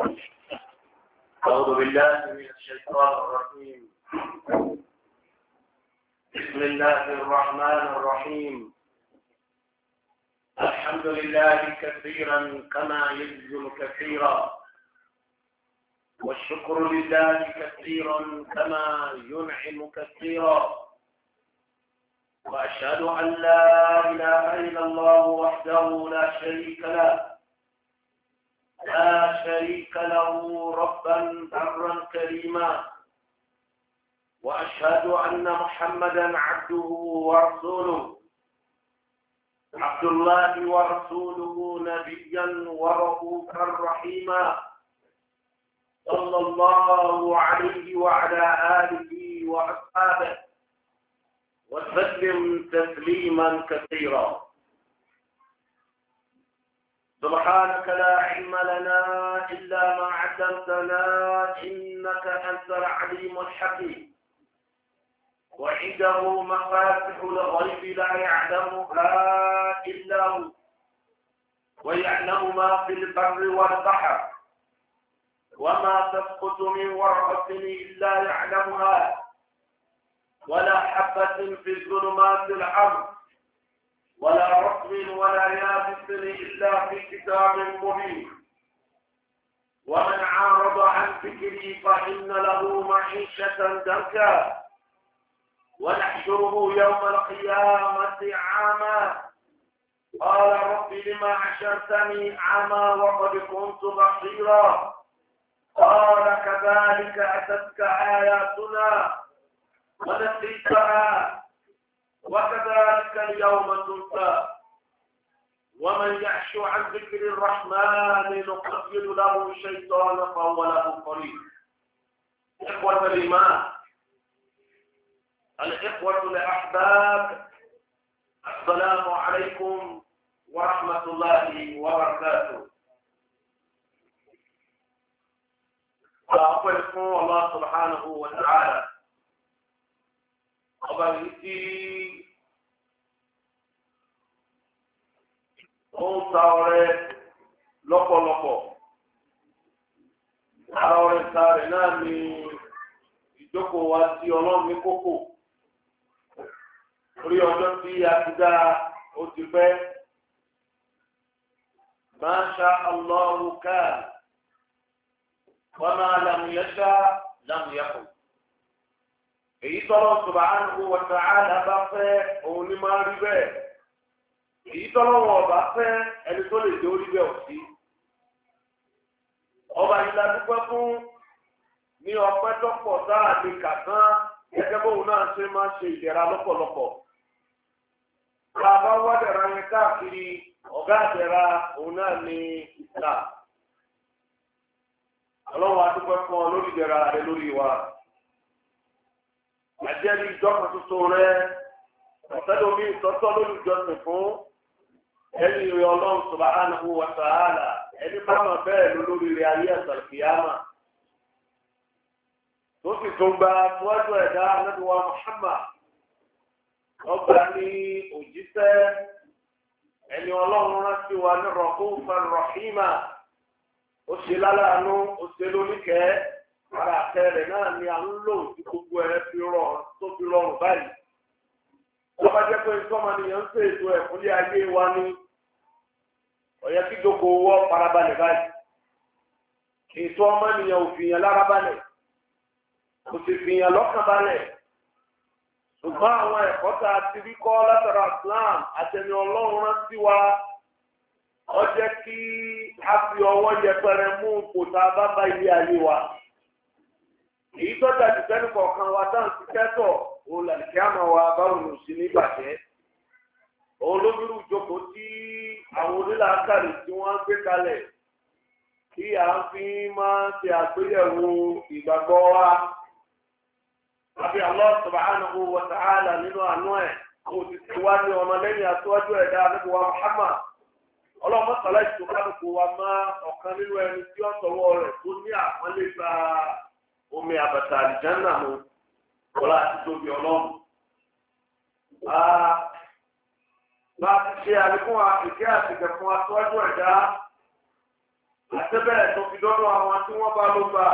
أعوذ بالله من الشيطان الرجيم بسم الله الرحمن الرحيم الحمد لله كثيرا كما يجزل كثيرا والشكر لله كثيرا كما ينعم كثيرا وأشهد أن لا إله إلا الله وحده لا شريك له لا شريك له ربا برا كريما وأشهد أن محمدا عبده ورسوله عبد الله ورسوله نبيا ورؤوفا رحيما صلى الله عليه وعلى آله وأصحابه وسلم تسليما كثيرا سبحانك لا علم لنا إلا ما علمتنا إنك أنت العليم الحكيم وعنده مفاتح الغيب لا يعلمها إلا هو ويعلم ما في البر والبحر وما تسقط من ورقة إلا يعلمها ولا حبة في الظلمات الأرض ولا رقم ولا يابس إلا في كتاب مبين ومن عارض عن ذكري فإن له معيشة دركا ونحشره يوم القيامة عاما قال رب لما عشرتني عاما وقد كنت بصيرا قال كذلك أتتك آياتنا ونسيتها وكذلك اليوم تنسى ومن يعش عن ذكر الرحمن نقيل له الشيطان فهو له قريب إخوة الإيمان الإخوة الأحباب السلام عليكم ورحمة الله وبركاته وأقول الله سبحانه وتعالى ọba yìí tí ó ń ta ọrẹ lọ́pọ̀lọpọ̀ ara ọrẹ ta rẹ̀ náà ni ìjókòó wa sí ọlọ́run ní kókò orí ọjọ́ tí a ti dá ó ti pẹ́ máa ṣá ọlọ́run káà wọ́n máa làmúyẹ́ṣá làmúyẹ́kọ̀ọ́. èyí tọ́lọ́ subhanahu wa ta'ala bá fẹ́ òun ní máa rí bẹ́ẹ̀ èyí tọ́lọ́ wọn fẹ́ ẹni tó lè dé orí bẹ́ẹ̀ òsì ọba yìí la dúpẹ́ fún ní ọpẹ́ tọ́pọ̀ sáà ní kàtán gẹ́gẹ́ bóun náà ṣe máa ṣe ìdẹ̀ra lọ́pọ̀lọpọ̀ bàbá káàkiri ọ̀gá àdẹ̀ra òun àjẹ́rí ìjọba tuntun rẹ ọ̀sẹ́lómi ìtọ́tọ́ lólùjọsìn fún ẹni rẹ ọlọ́run subhanahu wa ta'ala ẹni bá wọn bẹ́ẹ̀ lólórí rẹ ayé àtàkìyàmà tó sì tún gba tíwájú ẹ̀dá anáduwa ara àtẹ̀rẹ̀ náà ni à ń lò gbogbo ẹ̀ fi rọrùn tó fi rọrùn báyìí. tó bá jẹ́ pé sọ́mọnìyàn ń ṣe ètò ẹ̀kúnlé ayé wa ní ọ̀yẹ́ kí dòkó wọ́ farabalẹ̀ báyìí. ètò ọmọnìyàn ò fìyàn lára balẹ̀ kò sì fìyàn lọ́kàn balẹ̀. ṣùgbọ́n àwọn ẹ̀kọ́ tá a ti rí kọ́ látara Islam àtẹni ọlọ́run rántí wa jẹ́ kí èyí tọ́jà ti fẹ́ nípa ọ̀kan wa táwọn ti tẹ́tọ̀ òun làlùkí àmọ́ wa báwo ló ní òun ló bírú tí àwọn onílàákàlè tí wọ́n ń gbé kalẹ̀ tí a fi máa ṣe àgbéyẹ̀wò ìgbàgbọ́ wa àbí Allah subhanahu nínú àánú ẹ̀ kò sì ti wá ní ẹ̀dá wa omi àbàtà àlìjánà mu ọlá àti tóbi ọlọ́run. bá a ti ṣe àlékún àkèké àtìkẹ́ fún aṣáájú ẹ̀dá àtẹ́bẹ̀rẹ̀ tó fi dọ́dọ̀ àwọn tí wọ́n bá ló gbà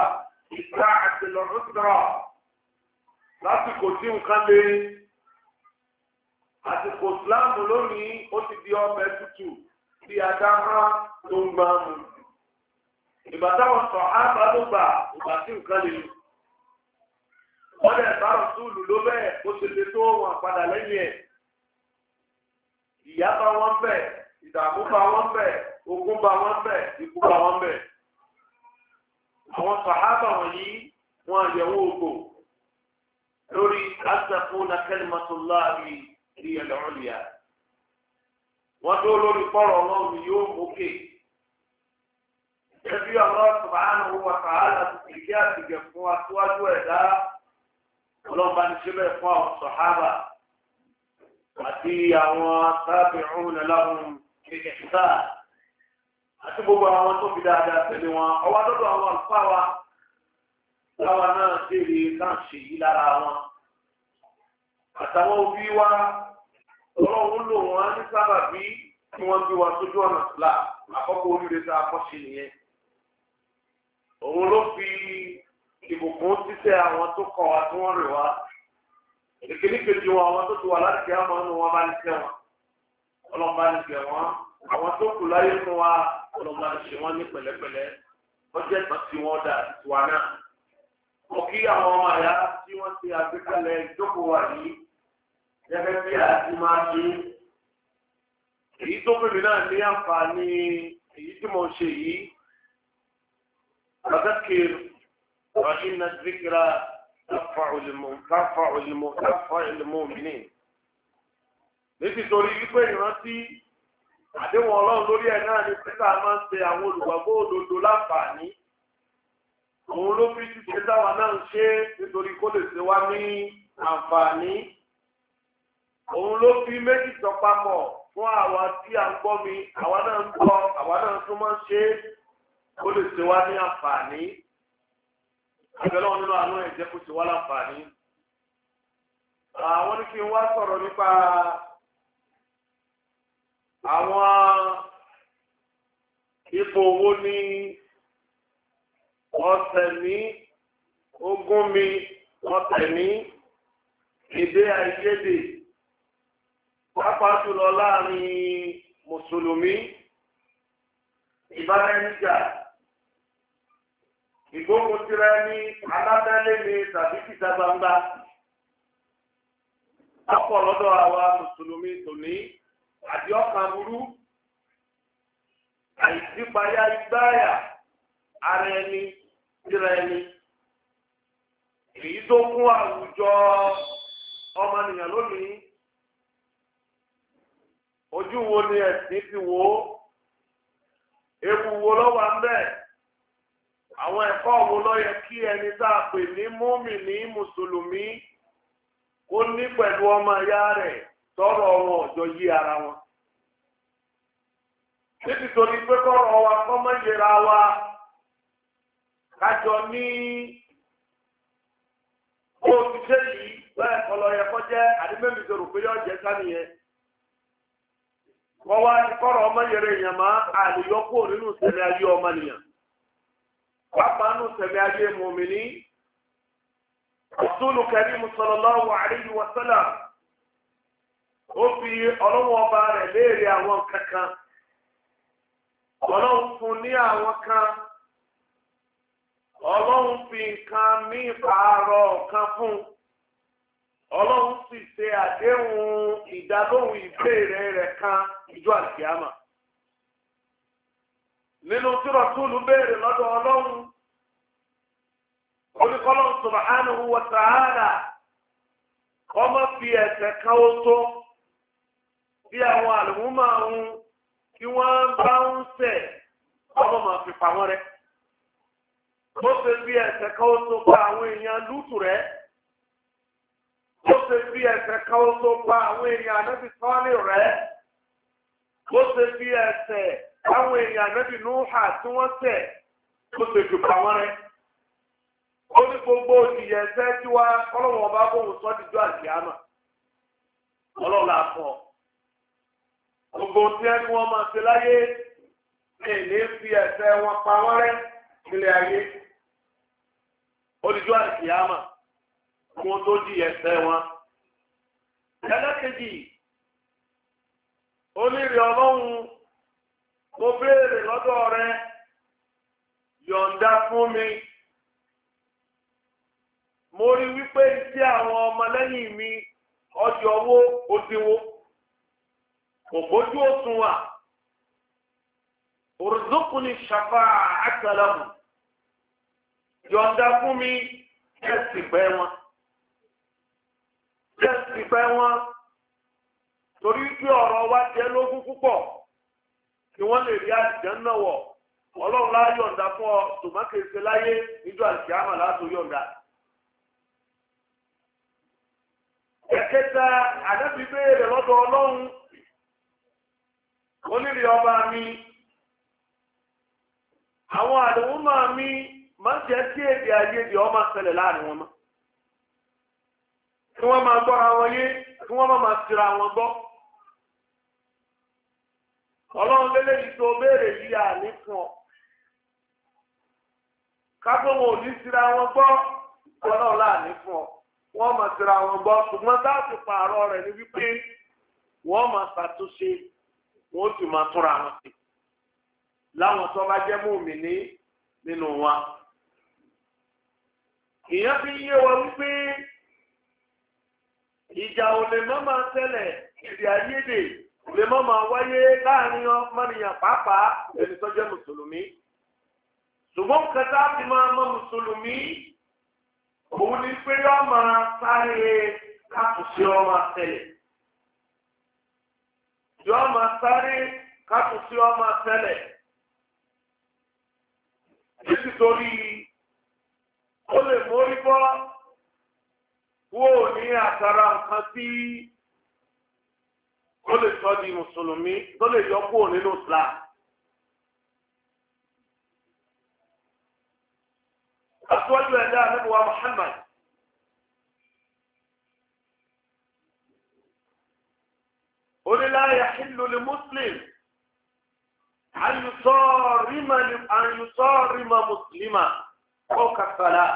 ìta àti lọ́dúnrà lásìkò tí nǹkan lè àsìkò ìsìláàmù lónìí ó ti di ọbẹ̀ tútù tí adá hán tó ń ìgbà táwọn sọ ápá ló gbà ìgbà tí nǹkan lè lò wọ́n dẹ̀ bá rọ̀túùlù ló bẹ́ẹ̀ ó ṣe ṣe tó wọn padà lẹ́yìn ẹ̀ ìyá bá wọn bẹ̀ ìdààmú bá wọn bẹ̀ ogun bá wọn bẹ̀ ikú bá wọn bẹ̀ àwọn wọn àyẹ̀wò ògbò lórí asàfúnà kalimatullahi rí ẹ̀lọ́rùn yá wọ́n tó lórí ọlọ́run yóò mókè. ẹbí Allah subhanahu wa ta'ala ti kí àtìgẹ̀ fún aṣíwájú ẹ̀dá ọlọ́mọba ní ṣẹlẹ̀ fún àwọn sọ̀hábà àti àwọn tabi'un lahum ní ẹ̀sà àti gbogbo àwọn tó fi dáadáa tẹ̀lé wọn ọwọ́ lọ́dọ̀ àwọn àlùfáà wa láwa náà dèrè náà ṣe yí lára wọn àtàwọn òbí wa ọlọ́run lò wọ́n ní sábàbí tí wọ́n bí wa sójú ọ̀nà sílá àkọ́kọ́ oríire tá a kọ́ ṣe nìyẹn òun ló fi ìbùkún títẹ̀ àwọn tó kọ̀ wá tí wọ́n rè wá èkékeré kejì wọn àwọn tó ti wà láti kí àwọn ọmọ wọn bá ní tẹ wọn ọlọ́run bá ní tẹ wọn àwọn tó kù láyé fún wa ọlọ́run bá ní ṣe wọn ní pẹ̀lẹ́pẹ̀lẹ́ wọ́n jẹ́ tán tí wọ́n dà tiwa náà mo kí àwọn ọmọ àyà tí wọ́n ti àgbékalẹ̀ ìjókòó wà yìí gẹ́gẹ́ bí àti máa ṣe èyí tó fún mi náà ní àǹfààní èyí tí mo ṣe yìí. فذكر فإن الذكرى تنفع تنفع تنفع المؤمنين nítorí wípé ìrántí àdéhùn ọlọ́run lórí ẹ̀ náà ni pẹ́sà máa ń ṣe àwọn olùgbàgbọ́ òdodo láǹfààní òun ló fi ṣíṣe táwa náà ń ṣe nítorí kó lè ṣe wá ní àǹfààní òun ló fi méjì tọpamọ̀ fún àwa tí à ń gbọ́ mi àwa náà ń gbọ́ àwa náà tún máa ń ṣe é ó lè ṣe wá ní àǹfààní àbẹ̀lẹ̀ wọn nínú àánú ẹ̀jẹ̀ kó ṣe wá láǹfààní. àwọn ní kí n wá sọ̀rọ̀ nípa àwọn ipò owó ní ọ̀sẹ̀ ní ogún mi ọ̀sẹ̀ ní èdè àìyedè pàápàá láàrin mùsùlùmí ìbáraẹnijà. ìgbógun síra ní alábẹ́lé ni tàbí títa gbangba. ọ̀pọ̀ lọ́dọ̀ àwa mùsùlùmí tòní àti ọkàn burú àìsípayá igbáyà ara ẹni síra ẹni. èyí tó kún àwùjọ ọmọnìyàn lónìí ojú wo ni ẹ̀sìn ti wò ewu wo ló wà ń bẹ́ẹ̀. àwọn ẹ̀kọ́ wo ló yẹ kí ẹni tá a pè ní múmi ní mùsùlùmí kó ní pẹ̀lú ọmọ ìyá rẹ̀ tọrọ wọn ọjọ́ yí ara wọn. níbi tó ní pé kọ́rọ̀ wa kọ́mọ ìlera wa kájọ ní o ti ṣe yìí yẹ kọ́ jẹ́ tó rò pé jẹ́ wọ́n wá ní pàápàá nù sẹ̀mí ayé mùmìnì rasulu karimu sallallahu alayhi wa sallam ó fi ọlọ́wọ́ ọba rẹ̀ léèrè àwọn kankan ọlọ́run fún ní kan ọlọ́run fi nǹkan mí kan fún kan nínú tí rọ̀túlù béèrè lọ́dọ̀ ọlọ́run oníkọ́lọ́run subhanahu wa ta'ala ọmọ fi ẹ̀sẹ̀ kan ó tó bí àwọn àlùmúmọ̀ ọ̀hún kí wọ́n bá ń sẹ̀ ọmọ màá fi pa wọ́n rẹ́ ṣe fi ẹ̀sẹ̀ kan ó tó pa àwọn èèyàn lútù rẹ́ bó ṣe fi ẹ̀sẹ̀ kan ó tó pa àwọn èèyàn àwọn èèyàn ànábì núhà tí wọ́n tẹ̀ tó tètè pa wọ́n rẹ́ ó ní gbogbo òdìyẹ ẹsẹ tí wá ọlọ́wọ́n ọba bóun sọ dídú àdìyámà ọlọ́ọ̀la fọ gbogbo tí ẹni wọn máa ṣe láyé èlé fi ẹsẹ wọn pa wọ́n rẹ́ nílẹ̀ ayé olùdó àdìyámà wọn tó di ẹsẹ wọn ẹlẹ́kejì onírè ọlọ́run. mo béèrè lọ́dọ̀ rẹ yọ̀ǹda fún mi mo rí wípé tí àwọn ọmọlẹ́yìn mi ọjọ́ owó òdiwọ́ kò bójú òsùn wà òrùzókùnì ṣàfà àkàlàmù yọ̀ǹda fún mi ẹ̀sì pẹ́ wọn ẹ̀sì pẹ́ wọn torí pé ọ̀rọ̀ wa jẹ́ lógún púpọ̀. kí wọ́n lè rí àlìjánná wọ̀ ọlọ́run láà yọ̀ǹda fún ọ ṣùgbọ́n kì í ṣe láyé níjọ́ àlìjáàmà látò yọ̀ǹda. ẹ̀kẹta àdẹ́bí béèrè lọ́dọ̀ ọlọ́run ọba mi àwọn àdéhùn mi máa ń jẹ́ sí èdè àìyedè ọmọ ṣẹlẹ̀ láàrin wọn mọ́ kí wọ́n máa gbọ́ra wọn yé kí wọ́n máa ọlọ́run lélẹ́ yìí tó béèrè yìí àní fún ọ. kágbóhùn ò ní síra wọn gbọ́ ọlọ́run láàní fún ọ. wọ́n mọ̀ síra wọn gbọ́ ṣùgbọ́n láti pààrọ̀ rẹ̀ ní wípé wọ́n mọ̀ ṣàtúnṣe wọ́n sì máa túnra wọn sí. láwọn tó bá jẹ́ mùmí ní nínú wa. ìyẹn fi yé wa wípé ìjà ò lè má máa tẹ́lẹ̀ èdè àìyedè lè má máa wáyé láàrin ọmọnìyàn pàápàá ẹni tó jẹ́ mùsùlùmí ṣùgbọ́n kẹta ti máa mọ mùsùlùmí òun ni pé yọ máa sáré kátùsí ọmọ àtẹlẹ yọ máa sáré kátùsí ọmọ àtẹlẹ títí torí ó lè mórí bọ́ wọ́n ní àtàrà nǹkan bíi. ó lè sọ di mùsùlùmí tó lè yọ kúrò nínú islam. aṣíwájú ẹ̀dá àdébùwà Muhammad ya hìlù lè muslim àyùsọ́ọ̀rìmà mùsùlùmá ọkàtàlá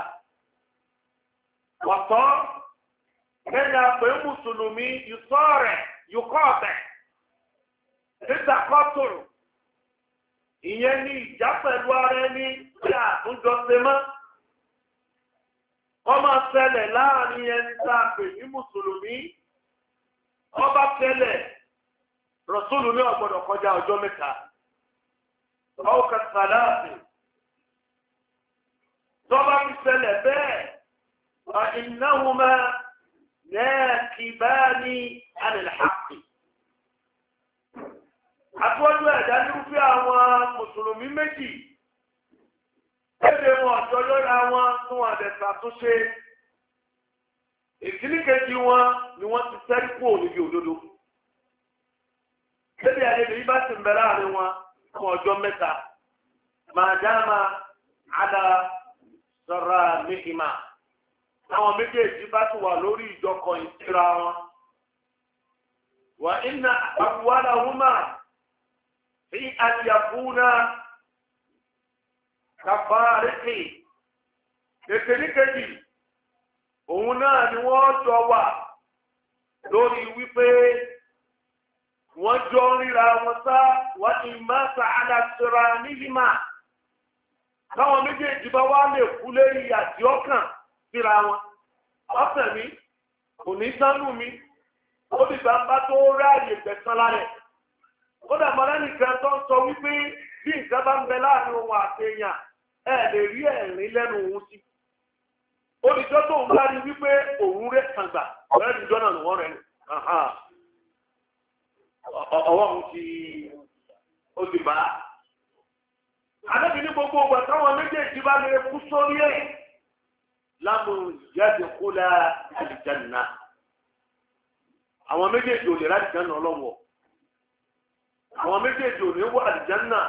wàtọ́ kẹ́yà pé mùsùlùmí yùsọ́ọ̀rẹ̀. yòókọ́ọ̀bẹ̀ níta kọ́tùrù ìyẹn ní ìjà pẹ̀lú ara ẹni tí àtúnjọ ṣe mọ́ wọ́n máa ṣẹlẹ̀ láàrin ẹni tá a pè ní mùsùlùmí wọ́n bá ṣẹlẹ̀ rọ̀súlù ní ọ̀gbọ̀dọ̀ kọjá ọjọ́ mẹ́ta ọ̀ọ́kà sàláàfì tọ́ba fi ṣẹlẹ̀ bẹ́ẹ̀ ìnáwó máa náàkìbáni alìlhàkì àtúwájú ẹ̀dá nírúfẹ́ àwọn mùsùlùmí méjì kéde wọn ọ̀jọ́ lórí àwọn tún àdẹ̀sà tó ṣe ìkíníkejì wọn ni wọ́n ti tẹ́rí kú òníbi òdodo kéde àlejò yìí bá ti ń bẹ wọn fún ọjọ́ mẹ́ta màdámà àdá sọ̀rọ̀ mìhìmá àwọn méjèèjì bá ti wà lórí ìjọkọ̀ ìtura wọn. wà iná àwòrán ahúnmá fi àyàfúnà kàfà rẹ́kì kèké níkejì òun náà ni wọ́n jọ wà lórí wípé wọ́n jọ ríra wọn sá wà ní mẹ́ta àdàtúrà níyìmá. táwọn méjèèjì bá wà lè kú lérí àdìọ́kàn. síra wọn ọ̀sẹ̀ mi kò ní sánú mi ó bá bá tó ráàyè gbẹ̀sán tó ń sọ wípé bí bá ń bẹ láàrin ohun àti èèyàn ẹ lè rí ẹ̀rín lẹ́nu òun sí olùjọ́ tó ń bá wípé òun rẹ̀ kàgbà ọ̀rẹ́ ìjọ náà lọ́wọ́ rẹ̀ ọwọ́ òun ti ó ti bá a. àdébìnrin gbogbo ọgbà táwọn méjèèjì bá lè kú sórí ẹ̀. lámú yadukula alijanna àwọn méjèèjì ò lè alijanna ọlọ́wọ́ àwọn méjèèjì ò wọ alijanna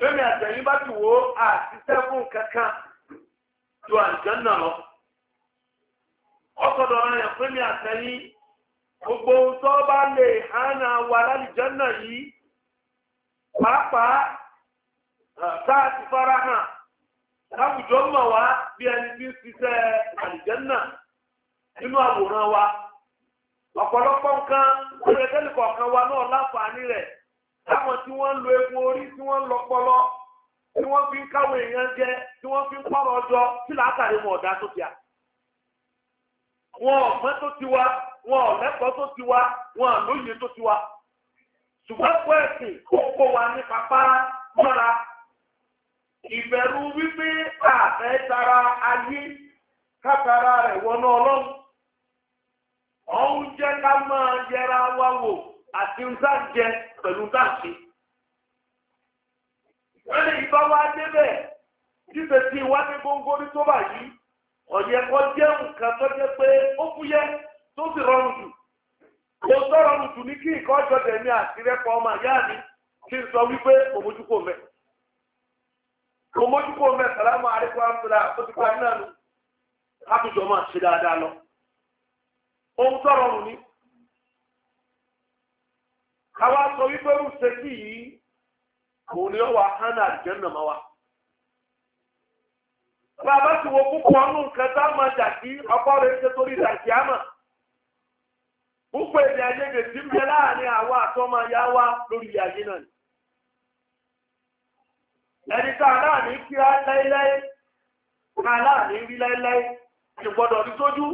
lórí àtẹ̀yìn bá ti a ó àtisẹ́ kankan alijanna lọ ọsọdọ ọ̀rọ̀ yẹn pé àtẹ̀yìn gbogbo ohun lè hánà wà lálìjanna ti fara hàn. láwùjọ mọ̀ wá bí ẹni tí ń ṣiṣẹ́ àlìjẹ́nà nínú àwòrán wa ọ̀pọ̀lọpọ̀ nǹkan lórí ẹ̀kẹ́lẹ̀kọ̀ kan wa náà láǹfààní rẹ̀ tí wọ́n ń lo orí tí wọ́n lọpọlọ tí wọ́n fi ń káwọn èèyàn jẹ tí wọ́n fi ń pọ̀rọ̀ ọjọ́ tí látàrí wọn tó ti wa wọn tó ti wa wọn tó ti wa. ṣùgbọ́n pẹ́ẹ́sì ó wa ní papá mọ́ra ìbẹ̀rù wípé àfẹ́ tara ayé kátara rẹ̀ wọnú ọlọ́run ọ̀hún jẹ́ ká máa yẹra wa wò àti nta jẹ pẹ̀lú nta ṣe. ìbá wa débẹ̀ títẹ̀ ní tó yìí ọ̀yẹ́ kọ́ jẹ́ nǹkan tó pé ó fúyẹ́ tó rọrùn jù jù ní kí ìkọ́jọ́ tẹ̀mí àti rẹ́pọ̀ ọmọ kí wípé mẹ́rin. ọmọdúnkọ mẹ sàlámù àríkọ àmúlá òtùkọ àdínàlú látòjọ máa ṣe dáadáa lọ ohun tọrọ ni káwá sọ wípé ó yìí ni ó wà hánà àjẹnà wa. bàbá tí wo púpọ̀ ọ̀nù nǹkan tá a máa jà sí ọkọ rẹ̀ ṣe torí àmà púpọ̀ èdè ayé ń bẹ láàrin ẹni tá aláàní kí á láíláí ká aláàní rí láíláí ti gbọ́dọ̀ ní sójú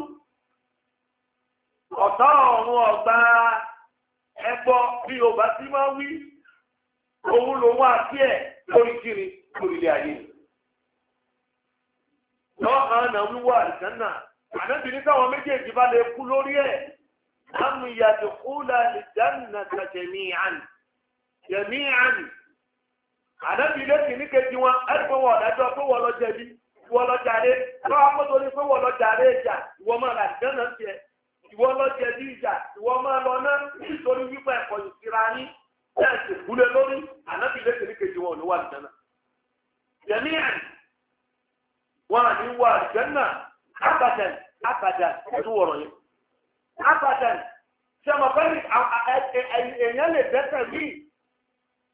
ọ̀tá ọ̀run ọ̀gbà ẹgbọ́ bí o bá sí máa wí òun lòun àti ẹ̀ lórí kiri lórílẹ̀ ayé lọ́hàn náà wíwọ́ àìsánà ànábìnrin táwọn méjèèjì bá lè kú lórí ẹ̀ láàmú ìyàtọ̀ kúlà lè dáná kàjẹ̀mí ànábì ilé kìíní kejì wọn ẹgbẹ́ wọn ọ̀dájọ́ pé wọ́n lọ jẹ̀bi wọ́n lọ jàre lọ́wọ́ mọ́tò ní pé wọ́n lọ jàre ìjà ìwọ máa là jẹ́ náà tiẹ̀ ìwọ lọ jẹ̀bi ìjà ìwọ máa lọ náà nítorí wípé ẹ̀kọ́ yìí síra yín bẹ́ẹ̀ sì lórí ànábì ilé kìíní kejì wọn ò ní wà lùjẹ́ náà. jẹ̀mí ẹ̀ wọn à ní wà lùjẹ́ náà abadan abadan ẹ̀dùn wọ̀rọ̀ yẹn ṣe mọ̀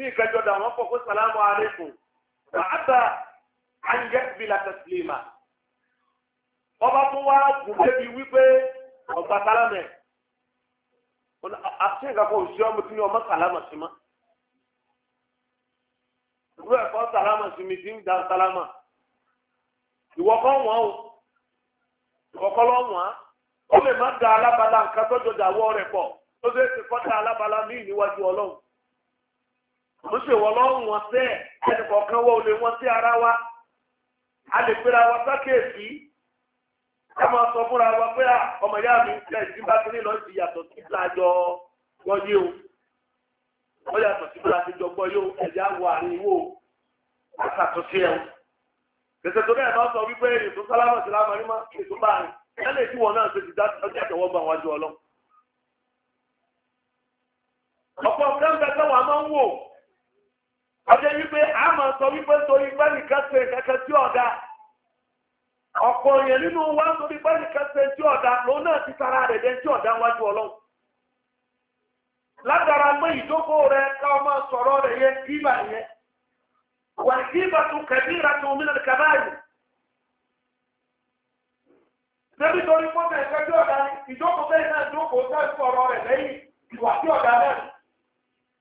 tí ìkẹjọ dà wọ́n pọ̀ pé salamu aleykum wà á bá anjẹ́bìlà tẹ̀sílẹ̀mà ọba tó wá gùn débi wípé ọgbà sálámẹ̀ àti nǹkan kan òṣìṣẹ́ ọmọ tí ní ọmọ sálámà sí mọ́ ìlú ẹ̀kọ́ sálámà sí mi ti ń da sálámà ìwọ kọ́ wọ́n o ìwọ kọ́ lọ́ wọ́n á ó lè má da alábala nǹkan tọ́jọ́ dàwọ́ rẹ̀ pọ̀ ó lè ti kọ́ da alábala míì níwájú ọlọ́run mo ṣe wọ lọ́rùn wọn sẹ́ ẹnì kọ̀ọ̀kan wọ olè wọn sí ara wa a lè pera wa sákèèsì ẹ máa sọ fúnra wa pé ọmọ ìyá mi ṣe ìdíbà kiri lọ sí yàtọ̀ sí ìlàjọ gbọ́yé o wọ́n yàtọ̀ sí ìlàjọ àtijọ́ gbọ́yé o ẹ̀yà wọ àríwó àtàtúnṣe ẹ̀ gbèsè tó bẹ́ẹ̀ máa sọ wípé ètò sálámà sílámà ní máa ètò bá rìn ẹ lè tí wọn náà ọjọ́ wípé a máa sọ wípé torí pẹ́nìkan ṣe kẹ́kẹ́ tí ọ̀dá ọ̀pọ̀ èèyàn nínú wa torí pẹ́nìkan ṣe tí ọ̀dá lòun náà ti tara rẹ̀ jẹ́ tí ọ̀dá wájú ọlọ́run ládàra pé ìdókò rẹ káwọ máa sọ̀rọ̀ rẹ̀ yẹ kíbà yẹ wà kíbà tún kẹbíra tún mí lẹ́nu kàbáyì débi torí pọ́nà ẹ̀kẹ́ tí ọ̀dá ìdókò bẹ́ẹ̀ náà ìdókò tẹ́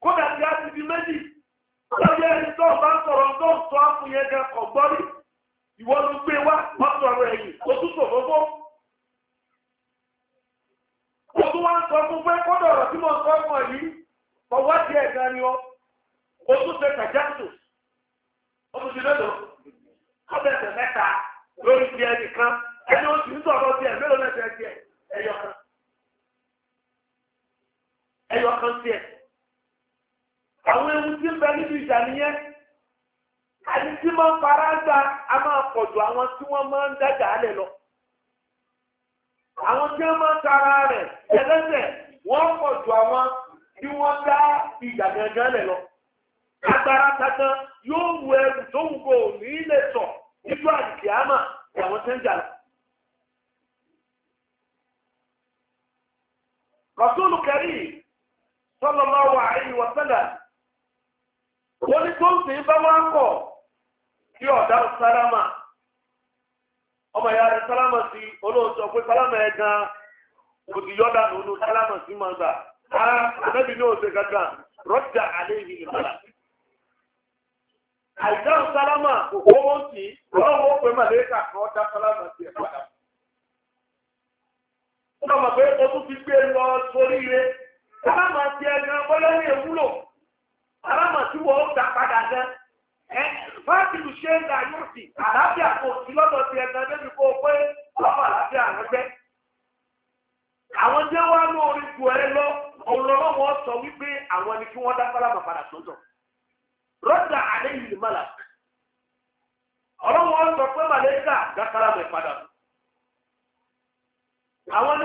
kódà tí a ti méjì lọ́jọ́ ẹni tó bá ń sọ̀rọ̀ tó ń sọ fún yẹn gan ọ̀gbọ́nì ìwọ ló gbé wá pọ́tọ̀ rẹ̀ yìí ó tún fọ́fọ́. ó tún wá ń sọ fún pé kódà ọ̀rọ̀ tí mo sọ fún ọ ọwọ́ tiẹ̀ gan ni ọ ti lọ́dọ̀ àwọn ewu tí ń bẹ níbi ìjà nìyẹn àti tí máa ń fara nga a máa pọ̀ ju àwọn tí wọ́n máa ń dájà á lọ. àwọn tí wọ́n máa ń tara rẹ̀ ẹlẹ́sẹ̀ wọ́n pọ̀ ju àwọn tí wọ́n dá ìjà gangan lẹ̀ lọ. agbára kankan yóò wu ẹrù tó wù kó ní ilé sọ àdìsí àmà àwọn tí ń jà wọ́n tó ń sì bá wá kọ̀ kí ọ̀dá sálámà ọmọ ìyá rẹ̀ sálámà sí na pé sálámà ẹ̀ gan kò sì yọ́dà nínú sálámà sí máa gbà á ànábì ní òṣè kankan rọ́jà àlẹ́ ìhìn ìmọ̀lá. àìdáhùn sálámà kò sí ọlọ́wọ́ pé màlẹ́kà kan dá sálámà sí ẹ̀ padà. pé o tún fi gbé lọ sórí ire sálámà sí ẹ̀ gan alámọ̀ tí wọ́n padà ṣe ń da yóò sì àlàáfíà kò sí lọ́dọ̀ ti ẹ̀dá débi kó pé ọ̀pọ̀ àlàáfíà rẹ̀ àwọn tí wọ́n á lóore ju ẹ lọ ọlọ́wọ́ sọ wípé àwọn ni kí wọ́n dá sálámà padà sọ́dọ̀ rọ́dà alẹ́ yìí mọ́là ọlọ́wọ́ sọ pé màlẹ́kà dá padà àwọn ni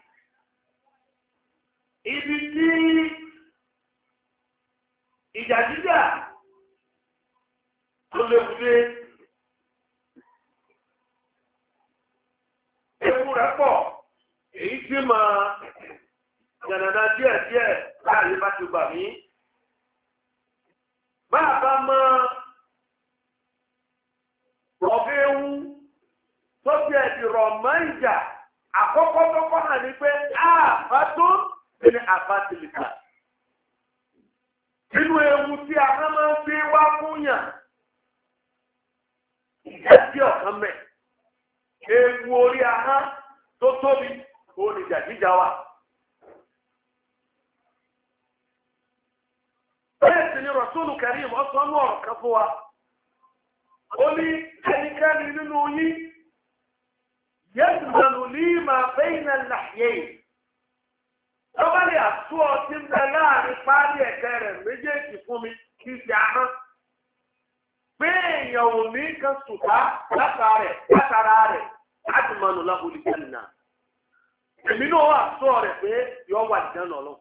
ibi tí ìjà jíjà tó lè wùdé ewu rẹ̀ pọ̀ èyí tí máa jàndàdà díẹ̀díẹ̀ láàrin bá ti gbà mí báà bá máa rọ̀bí ewu tó ti ẹ̀dì rọ̀ mọ́ ìjà àkọ́kọ́ tó kọ́ hàn ní pé ààbá tó ní àbátìlìkà. ewu tí a máa máa ń fi wá fúnyà, ọ̀kan mẹ́. Ewu orí ahọ́n tó tóbi, òun ìjà jíjà wà. Bẹ́ẹ̀ ni Rọ̀súlù ọ̀rọ̀ kan fún wa. Ó ní ẹnikẹ́ni nínú yín, yẹ́n ní Tọ́bálì àtú ọtí ń bẹ láàrin páálí ẹ̀kẹ́ rẹ̀ méjèèjì fún mi kí ṣe ahọ́n. Pé èèyàn ò ní kan sùtá látara rẹ̀ láti máa nù lábúlé jẹ́nu náà. Èmi náà wà sọ rẹ̀ pé yọ wà ìdáná lọ.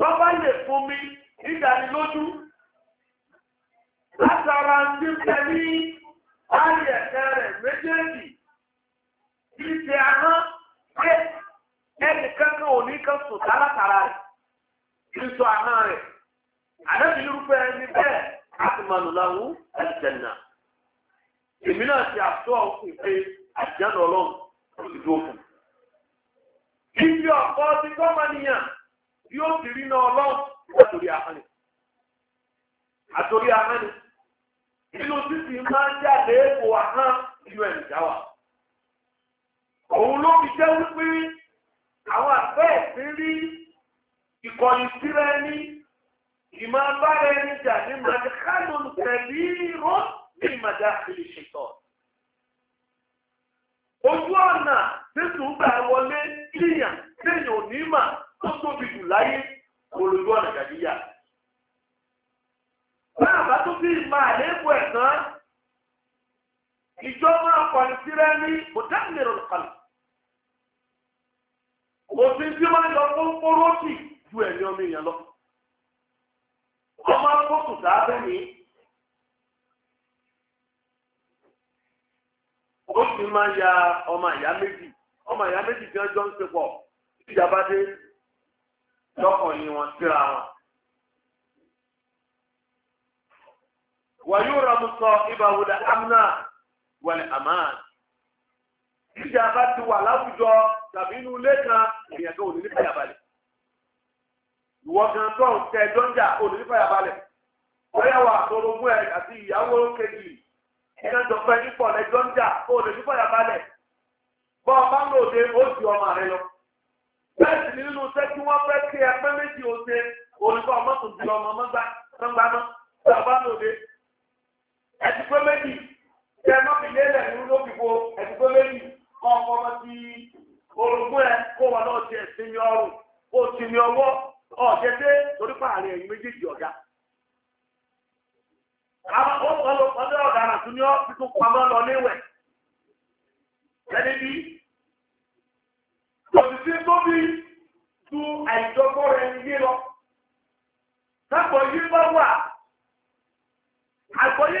Tọ́bálì fún mi látara ń ní pé ẹnìkan kan ò ní kan sùn tààràtàrà rẹ̀ kírísọ àhán rẹ̀ àdébí irúfẹ́ ẹni bẹ́ẹ̀ ẹ̀jẹ̀nà èmi náà ti àtọ́ òfin pé àjẹ́nà ọlọ́run ó dúró fún mi. ibi ọ̀pọ̀ ti gọ́mọ̀nìyàn yóò ti rí náà ọlọ́run àtòrí nínú òun ló fi jẹ́ wípé àwọn àfẹ́ ẹ̀sìn rí ìkọ̀yí síra ẹni ìmọ̀ abára ẹni jà ní màdìkánù tẹ̀lé rọ́ ní màdàkìlì ṣètọ́. ojú ọ̀nà tẹ̀sù gbà wọlé kíyàn téèyàn ò ní mà tó tóbi jù láyé olójú ọ̀nà jàdíyà. báyà bá tó fi ìmọ̀ àléébù ẹ̀sán ìjọba akọ̀yí síra ẹni mọ̀dàkìlì rọ̀ kàlù. òsì tí wọ́n lè lọ fún ju ẹ̀mí ọmọ èèyàn lọ. ọmọ akókò ni ó sì máa ya ọmọ ìyá méjì ọmọ ìyá méjì tí wọ́n ń sepọ̀ ìjàmbá dé wọn síra wọn. wàyí rà mú sọ ìbàwọ̀lẹ̀ amúnà wọlé amáà tàbí inú ilé kan èèyàn kan ò ní ní fàyàbalẹ̀ ìwọ kan tó ń tẹ ẹjọ́ ń jà ò ní ní fàyàbalẹ̀ ọ̀yàwó àtọ̀rọ̀mú ẹ̀ àti ìyàwó kejì jọ pẹ́ nípò ẹjọ́ ń jà ò ní ní fàyàbalẹ̀ bọ́ ọ ó di ọmọ rẹ lọ bẹ́ẹ̀ sì nínú iṣẹ́ tí wọ́n fẹ́ kí méjì ó ṣe olùkọ́ ọmọ tó orùngbọ́n ẹ kó wọn náà ti ẹ̀sìn ọrùn kó ti mi ọwọ́ ọ̀jẹ̀dẹ̀ torí pààrin ẹ̀yìn méjèèjì ọ̀gá. àwọn ọ̀daràn tún ní ọ́ fi pamọ́ lọ níwẹ̀. ẹni bí kò sì sí ju àìjọgbọ́n rẹ̀ yé lọ. sábọ̀ yìí bá wà àgbọ̀yé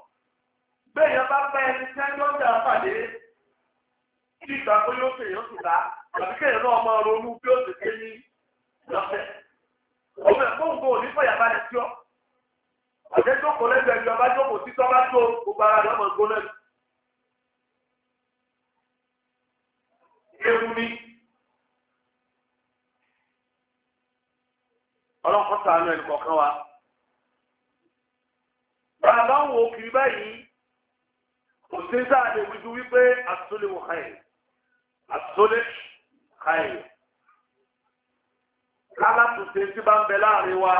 bẹ́ẹ̀ yẹn bá pẹ́ ẹni tẹ́jọ́ ń dà pàdé kí ìgbà pé yóò fè yóò fìlà tàbí kéèyàn náà máa ronú bí ó ti ké ní lọ́fẹ̀. ọmọ ẹ̀kọ́ òǹkọ òní fọyà bá rẹ̀ tí ọ́ àjẹ́ jókòó lẹ́gbẹ̀ẹ́ ìjọ bá jókòó tí tọ́ bá tó gbogbo ara rẹ̀ ọmọ ìgbó lẹ́nu. ewu ni ọlọ́kọ̀ sàánú ẹnì kọ̀ọ̀kan wa. bàbá ń wo kiri báyìí òsín sáà lè wíjú wípé àtúnlẹ̀ wò káyè àtúnlẹ̀ káyè lálàtúnṣe tí bá ń bẹ láàrin wa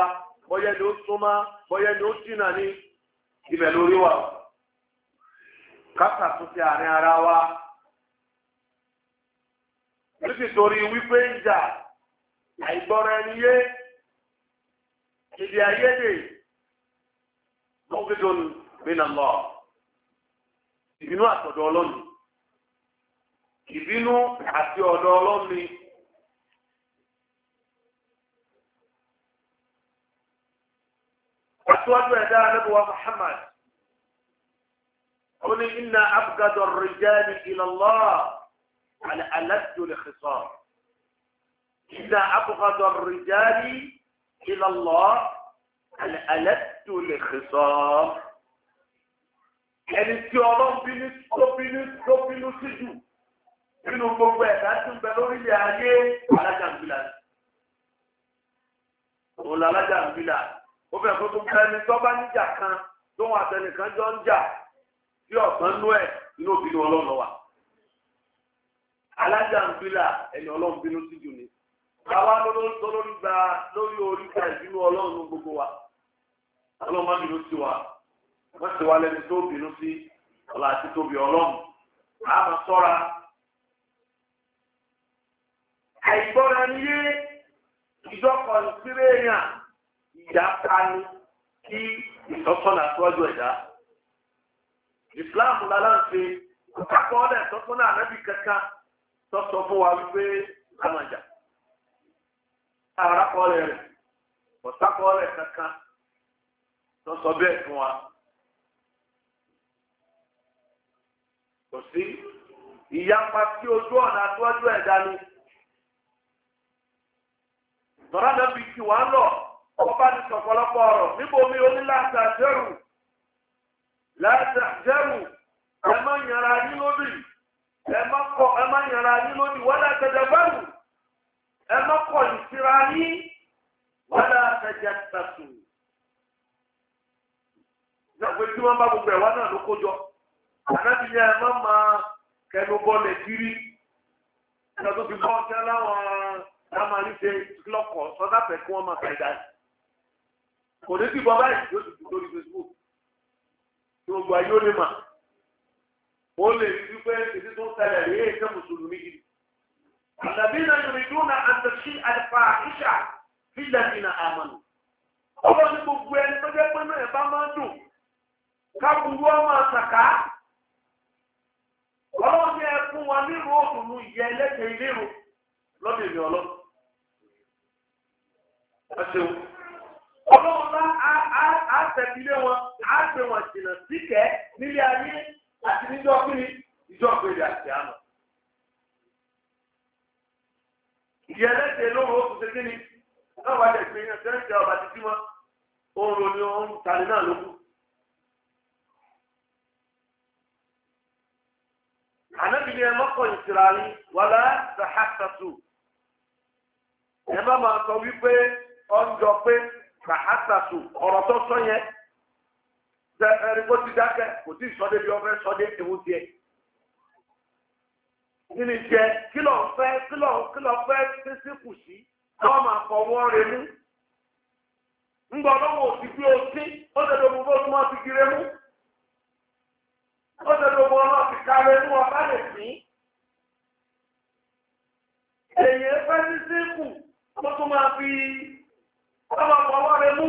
bọ́yẹ́ ni ó súnmọ́ bọ́yẹ́ ni ó jìnnà ní ibẹ̀ lórí wa kásàtúnṣe àárín ara wa nítorí wípé ìjà àìgbọ́ra ẹni ìdí ayédè mọ́gídọ́nù mí nà ìbínú àtọ̀dọ̀ ọlọ́mi ìbínú àti ọ̀dọ̀ ọlọ́mi ọ̀tọ́jú ẹ̀dá anábọ̀wá Muhammad ó ní iná abgadu rẹjẹ́ ní ìlọ́lọ́ Allah al-aladdu al-khisam inna abgadu ar-rijali ẹni tí ọlọ́run bínú tó bínú tó bínú sí jù nínú gbogbo ẹ̀dá tó ń bẹ lórílẹ̀ ayé alájà ń bìlà. òun là alájà ń bìlà ó fẹ́ kó tó ń bẹ́ẹ̀ ni tó bá níjà kan tó wọn àtẹnìkan jọ ń jà tí ọ̀sán nú ẹ̀ inú òbínú ọlọ́run lọ wà. alájà ń bìlà ẹni ọlọ́run bínú sí jù ni. àwa lórí gba lórí orí gba ìbínú ọlọ́run gbogbo wa ọlọ́run má bínú sí wa. wọ́n ti wá lẹ́ni tó bínú sí ọ̀la àti tóbi ọlọ́run àmọ́ sọ́ra àìgbọ́ra yé ìjọkọ̀ ìpínlẹ̀ èèyàn ìjà kanu kí ìtọ́sọ́nà síwájú ẹ̀dá ń ṣe kápọ̀ ọ̀dà ìtọ́sọ́nà kankan fún wa wípé àmàjà rẹ̀ kankan bẹ́ẹ̀ fún wa. kò sí ìyapa ojú ọ̀nà àtúwájú fi kí lọ, ti sọ̀pọ̀lọpọ̀ ọ̀rọ̀ níbo mi ó ní láti àjẹrù. Láti àjẹrù, ẹ má yànra yín lódì, ẹ má kọ ẹ má yànra yín lódì, wọ́n lè tẹ̀jẹ̀ bẹ́rù. Ẹ má kọ ìsira yín, wọ́n ànábi yẹn ẹ má máa kẹnu bọ́ọ̀lù kiri ẹ̀ka tó fi bọ́ ọ̀tẹ́ láwọn lámàlí ṣe lọ́kọ̀ sọ́dá pẹ̀ kí wọ́n máa fẹ̀ dá kò ní sí bọ́ báyìí yóò ti lórí Facebook tí gbogbo ayé ó lè mà ó lè rí pé èdè tó ń tẹ̀lé rí èyí tẹ́ mùsùlùmí gidi. àtàbí náà yuriduna an tafshi al-fahisha fil ladina amanu. ọlọ́run gbogbo ẹni tó jẹ́ pé náà ẹ̀ bá máa dùn ká burú ọmọ àtàkà ọlọ́run ní ẹkún wa nírú òdùnú yẹ ẹlẹ́kẹ̀ ìlérò lọ́dọ̀ èmi ọlọ́ ọlọ́run bá á tẹ̀lé wọn á gbé wọn jìnnà síkẹ́ nílé ayé àti níjọ́ kiri. àtù ọ̀rọ̀ tó sọ yẹn tẹ ẹni kó ti dákẹ́ kò tí ì sọdé bí ọfẹ́ sọdé ewu tiẹ̀ kí ni jẹ kí lọ fẹ́ kí lọ kí lọ fẹ́ sísí kù sí lọ́wọ́ máa fọwọ́ rẹ mú ńgbọ́ lọ́wọ́ òsì bí òsì ó lè lo gbogbo tí wọ́n ti kiri mú ó lè lo gbogbo náà kárẹ́ mú ọba lè sìn èyí fẹ́ sísí kù ó tún máa fi ọmọ fọwọ́ rẹ mú.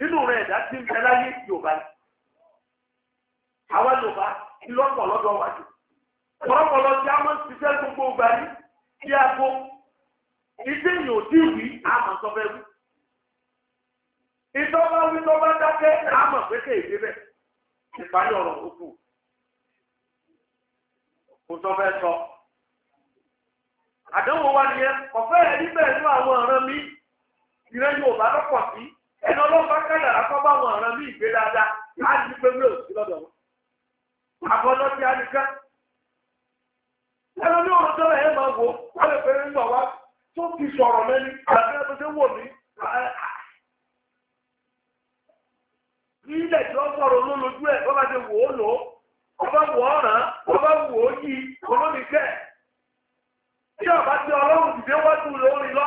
nínú rẹ̀ ẹ̀dá tí ń bẹ láyé yorùbá ni àwa yorùbá kí lọ́pọ̀ lọ́dọ̀ wa jù pọ̀lọpọ̀lọ tí a máa ń gbogbo gbà ní kí a kó ìdí yìí ò wí àmọ̀ sọ wí ìtọ́ba wí tọ́ba dákẹ́ àmọ̀ pé kéèké bẹ́ẹ̀ ìparí ọ̀rọ̀ òkú kò sọ fẹ́ sọ àdánwò wa nìyẹn ọ̀fẹ́ ẹ̀rí bẹ́ẹ̀ nínú àwọn ọ̀ràn mi ìrẹ́ yorùbá lọ́pọ̀ sí. ẹni ọlọ́pàá kádà akọ́bá ọ̀ràn mí ìgbé dáadáa sí lọ́dọ̀ wọn àbọ̀dọ̀ a nìkan ẹni ní ọ̀rọ̀ tẹ́lẹ̀ ẹ̀ máa wò wọ́n lè fẹ́rẹ́ nígbà wá tó fi sọ̀rọ̀ mẹ́ni àti ọrụ tó wò mí. ọba wò ọba wò ó yí ọba ti ọlọ́run dìde wájú lórí lọ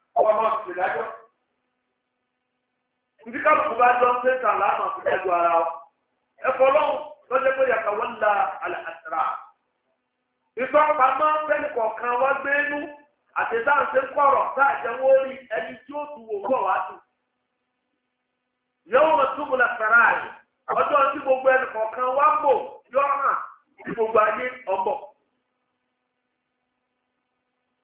ọba máa fi dájọ́. Ibi kálukú bá jọ ń pé kàn láàmà fi ara wa. Ẹ fọlọ́ lọ́jọ́ pé yàtọ̀ wọ́n la àlẹ́ àtàrà. Ìtọ́pa máa ń fẹ́ni kọ̀ọ̀kan wá gbé inú àti dáǹsẹ̀ ń kọ̀rọ̀ wọ́n rí ẹni tí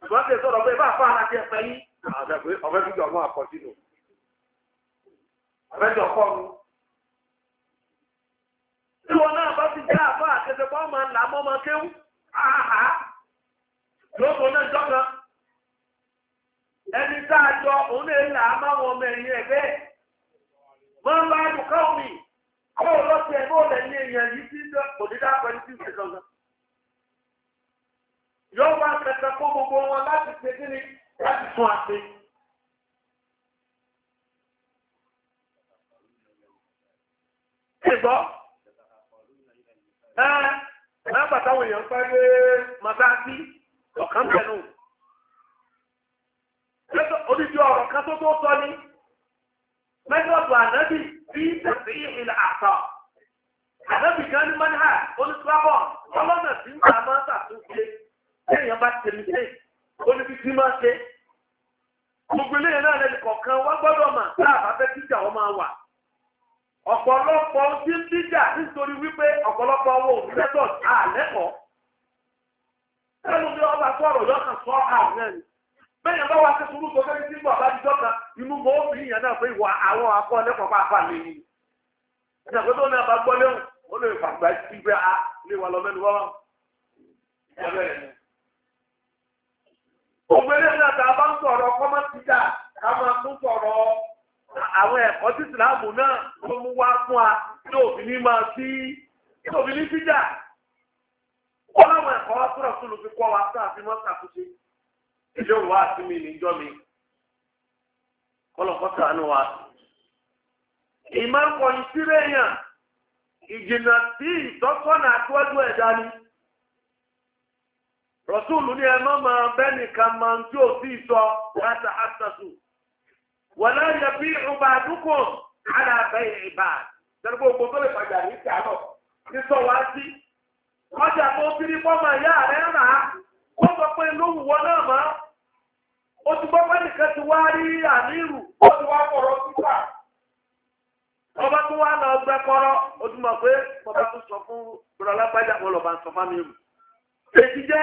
ṣùgbọ́n tẹ̀ sọ̀rọ̀ pé bá a fà á láti ẹ̀fẹ́ yìí ọ̀fẹ́ fíjọ ọmọ àkọsílò ọ̀fẹ́ jọ kọ́ mi. tí wọn náà bá ti jẹ́ àbá àkẹsẹ̀ bọ́ máa ń là mọ́ máa kéwú áhà lóko náà jọ́kan ẹni tá a jọ òun lè là á máa wọn ọmọ ẹ̀yìn ẹ̀ bẹ́ẹ̀ máa ń bá dùn káwọn mi kó o lọ lẹ́yìn èèyàn yìí sí òdídá yóò wá kẹta kó gbogbo wọn láti ṣe kí ni láti tún àṣe. ìgbọ́ ẹ ẹ pàtàkì èèyàn pẹ́ lé màtáàkì ọ̀kan bẹ̀rù. odidi ọ̀rọ̀ kan tó tó sọ ni mẹ́tọ́ọ̀tù ànábì bí tẹ̀sí ìlà àtọ̀. ànábì kan ní mọ́nìhà onísọ́bọ̀ ọlọ́nà tí ń ta máa ń tàtúnṣe. Ẹ̀yàn bá tèmi tè, ó níbi tí máa ṣe. Gbogbo eléyìí náà lẹ́nu kọ̀ọ̀kan wá gbọ́dọ̀ mà láàbá fẹ́ tíjà wọn máa wà. Ọ̀pọ̀lọpọ̀ ti ń tíjà nítorí wípé ọ̀pọ̀lọpọ̀ owó òmìnirẹ́tọ̀ àlẹ́kọ̀ọ́. Ẹnu bí ọba sọ̀rọ̀ yọ kàn sọ àárẹ̀ ni. Bẹ́ẹ̀ni bá wá sí sùúrù tó fẹ́ tí ń bọ̀ àbájọ́ kan, inú mo ó fi ìyàn náà pé ìwà àwọn akọ́ lẹ́kọ̀ọ́ pàápàá lè ní. Ìjàgbé tó ní àbá gbọ́ léhùn, ó lè fàgbà sí pé a lè wà lọ mẹ́nu wá wá. Ẹ ògbélé náà tá a bá ń sọ̀rọ̀ kọ́mọ́tìjà ká máa tún sọ̀rọ̀ àwọn ẹ̀kọ́ tí ìsìláàmù náà wá fún wa tí ní máa sí tí òbí ní ó láwọn ẹ̀kọ́ wá sọ̀rọ̀ tó ló fi kọ́ wa sáà fi mọ́ ṣàkóso ilé mi níjọ́ mi kọ́lọ̀kọ́ wa. ìmọ̀ yàn ìjìnà àtúwájú ẹ̀dá ni. rọ̀súùlù ní ẹmọ́ máa bẹ́ẹ̀nì kan máa ń tí ò sí sọ láti àtàtù wọ́n náà yẹ bí ọba àdúgbò ara bẹ́ẹ̀ ìbá tẹ́lẹ̀ gbogbo tó lè pàjà ní ìtàlọ́ ní sọ wá sí ọjà tó bírí fọ́mà ìyá rẹ̀ rà á ó lóhùn wọn náà mọ́ ti gbọ́ ti wá rí ó ti wá kọ̀rọ̀ síta ọba tó wá lọ gbẹ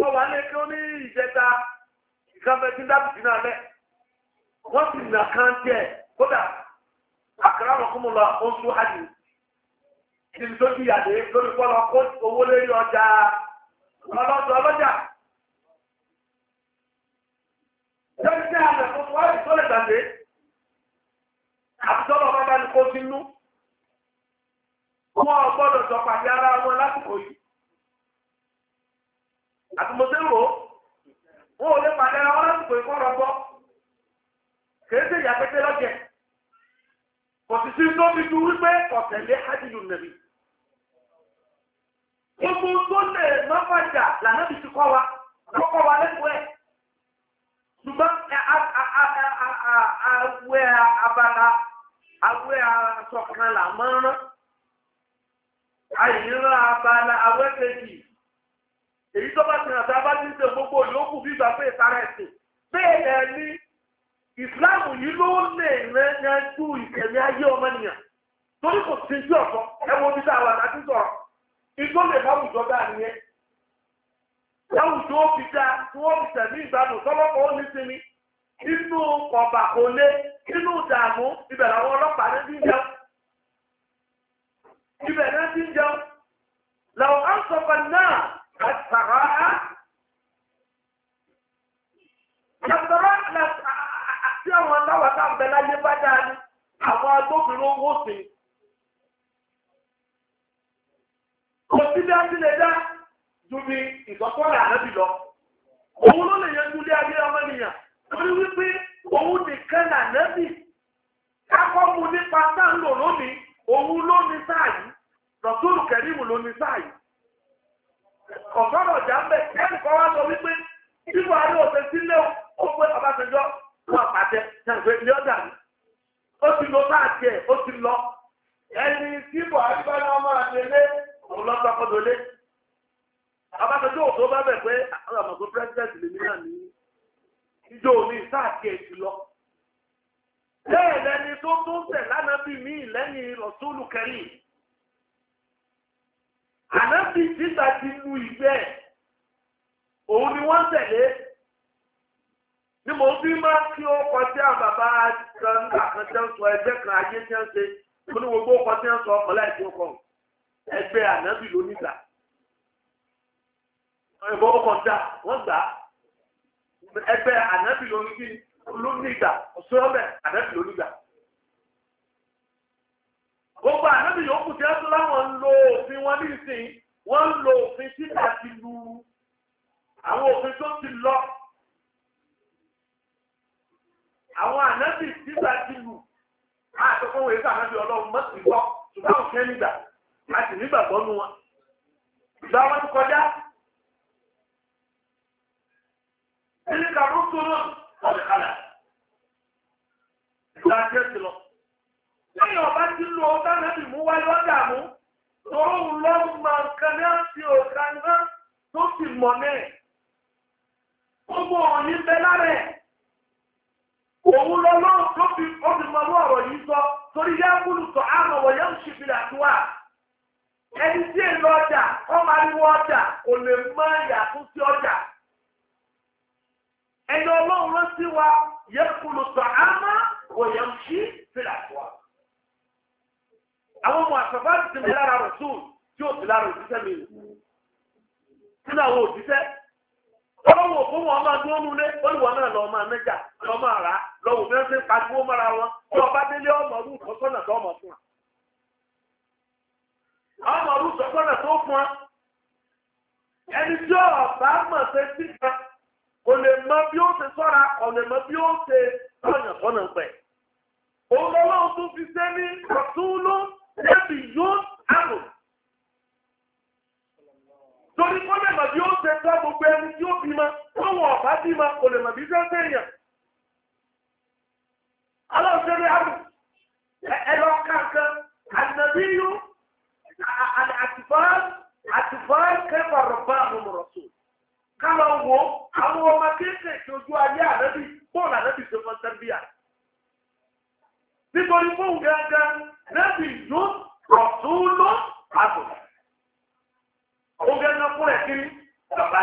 wọ́n wà ní ẹjọ́ ní ìjẹta ìkànnì dábìtì náà lẹ̀ wọ́n sì nà kán tiẹ̀ kódà àkàrà wọn kún mu lọ ó ń sún hajj ìdí tó ti yàdé lórí pọ́lọ kó owó lórí ọjà ọlọ́dún ọlọ́jà. Lórí tí a lè fún wa tó lè gbàgbé àbùsọ̀rọ̀ bàbá ni kó sínú. Wọ́n gbọ́dọ̀ sọ pàdé ara wọn lásìkò yìí àti mo sẹ́wò wọn ò lè pàdé ara wọn lásìkò ìkọ́ rọgbọ́ kèé sì yà pété lọ́jẹ̀ kò sì sí tó fi ju wípé ọ̀tẹ̀lé hajjìlú nàbì gbogbo tó lè mọ́fàjà lànà bí ti kọ́ wa lọ́kọ́ wa lẹ́kọ̀ọ́ ẹ̀ ṣùgbọ́n àwẹ̀ abala àwẹ̀ asọ̀kan là mọ́rán àyíra abala àwẹ̀ kejì èyí tó bá ti hàn tá a bá ti ń ṣe gbogbo yòókù bí ìgbà pé ìtara ẹ̀sìn bẹ́ẹ̀ ẹ̀ ní ìsìláàmù yìí ló lè rẹ́ yanjú ìkẹ̀mí ayé ọmọnìyàn torí kò sí ju ọ̀tọ̀ ẹ wo bí dáa wà láti sọ̀rọ̀ igbó lè má wùjọ dáa nìyẹn láwùjọ ó fi dáa tí wọ́n fi tẹ̀lé ìgbàdùn tọ́lọ́pọ̀ ó ní sinmi inú ọ̀bà kò lé inú ìdààmú ibẹ̀ làwọn ọlọ́pàá ní ti ń jẹun ibẹ̀ ti ń jẹun làwọn á bẹ láyé bá dáa ní àwọn agbófinró wò sí. kò sí bí a ti lè dá ju bí ìsọfọ́nrẹ́ ànábì lọ. òun ló lè yanjú ilé ayé ọmọnìyàn torí wípé òun nìkan lànábì kákọ́ mu nípa sáà ń lò lónìí òun ló ní sáà yìí rọ̀túlù kẹ̀rímù ló ní sáà yìí ọ̀sọ́rọ̀ ọ̀jà ń bẹ̀ ẹnìkan wá sọ wípé tí buhari ọ̀sẹ̀ sílẹ̀ ó pé ọbásanjọ́ wọ́n pàṣẹ ṣàǹfẹ́ ilé ni ó ti lọ bá àti ó ti lọ ẹni tí buhari bá náà máa òun lọ sọ fọdọ lé òtó bá bẹ̀ pé àwọn àmọ̀gbọ́ pírẹsidẹ́ǹtì lè ní ìjọ òní lọ. bẹ́ẹ̀ lẹni tó tó ń tẹ̀ lánàá lẹ́yìn kẹrì ti lu ni mo fi máa kí ó kọjá bàbá kan nígbà kan tẹ́ ń sọ ẹgbẹ́ kan ayé tẹ́ ń ṣe mo ní gbogbo ọkọ tẹ́ ń sọ ọkọ láì tó kọ ẹgbẹ́ ànábì lónìgbà ẹgbẹ́ ọkọ̀ dà wọ́n gbà ẹgbẹ́ ànábì lónìgbà ọ̀ṣọ́ọ̀bẹ̀ ànábì lónìgbà gbogbo ànábì yòókù tí wọ́n láwọn ń lo òfin wọn ní ìsìn wọ́n ń lo òfin títà ti lu àwọn òfin tó ti lọ àwọn ànábì sígbà ti lù àtọ́kọ́ wòye fún ànábì ọlọ́run mọ́sí gbọ́ ṣùgbọ́n àwọn kẹ́ nígbà a sì nígbàgbọ́ nu wọn. ìgbà wọn ti kọjá. ilé kàrú tó náà ọ̀dẹ̀ kalẹ̀. ìgbà tí ó ti lọ. lẹ́yìn ọba ti lu ọba ànábì mú wáyé ọjà mú. tòun lọ́ọ́ máa kan náà ti òkà náà tó sì mọ̀ náà. gbogbo òní bẹ́ lára ẹ̀ òun lọ lọ́wọ́ tó fi ó fi mọ ọ̀rọ̀ yìí sọ torí yá kúlù sọ àmọ̀ wọ̀ yẹn ń ṣe fi làtúwà ẹni tí èlò ọjà ọmọ ariwo ọjà kò lè mọ ìyàtún sí ọjà ẹni ọlọ́run ló sí wa yẹ kúlù sọ àmọ̀ wọ̀ yẹn ń ṣe fi làtúwà. àwọn ọmọ àṣàbá ti tẹ̀lé lára rẹ̀ sùn tí ó ti lára òṣìṣẹ́ mi nínú àwọn òṣìṣẹ́ ọlọ́wọ́ fún wọn máa dúró nulẹ̀ olùwọ́n náà lọ́ọ́ máa mẹ́jà lọ́ọ́ máa rà á lọ́wọ́ bí wọ́n ṣe ń pariwo mọ́ra wọn tí ọba délé ọmọ ọdún ìtọ́sọ́nà tó ọmọ fún wa. ọmọ ọdún ìtọ́sọ́nà tó fún wa. ẹni tí ọba mọ̀ ṣe sí kan kò lè mọ bí ó ṣe sọ́ra kò lè mọ bí ó ṣe tọ̀yàn sọ́nà pẹ̀. òun lọ́wọ́ tún fi ṣe ní ọ̀tún ló débi yóò àrò. torí kó lè mọ̀ bí ó ṣe tọ́ gbogbo ẹni tí ó bímọ tó wọ̀ ọ̀bá bímọ kò lè mọ̀ bí ó ṣe ń aláwọ̀sẹ̀rẹ̀ àrùn ẹ̀rọ kankan ànàbíyú àtìfọ́ àtìfọ́ kẹfà rọ̀bá àmọ̀rọ̀sọ kálọ̀ wo àwọn ọmọ kéékèèké ojú ayé ànábì bóòlù ànábì tó mọ sẹ́bíà nítorí fóun gángan nábì yóò rọ̀tún lọ àbò òun gángan fún ẹ̀ kiri bàbá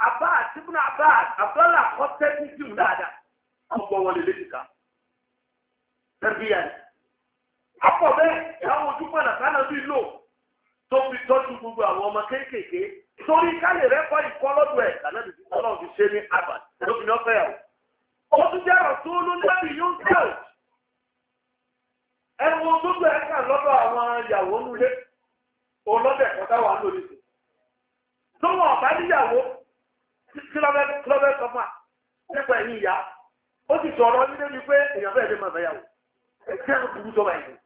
Abbas ibn Abbas Abdullah kọ́tẹ́ ní jùm dáadáa ọgbọ́ wọlé lé nìkan tẹ́bíyà ni. Akọ̀ ìyàwó ojú padà sálọ bí lò tó fi gbogbo àwọn ọmọ kéékèèké torí káyè rẹ̀ kọ́ ìkọ́ lọ́dọ̀ ẹ̀ lànà ìdí fi ṣe ní Abbas ní Ó tún yóò tẹ̀ gbogbo lọ́dọ̀ àwọn ìyàwó nulẹ̀ kọ́tà wà kílọ́bẹ̀ sọ́fà nípa ẹ̀yìn ìyá ó sì sọ̀rọ̀ nílé ní pé èèyàn fẹ́ẹ̀ lè máa fẹ́ yàwó ẹ̀jẹ̀ ń burú sọ́fà ẹ̀yìn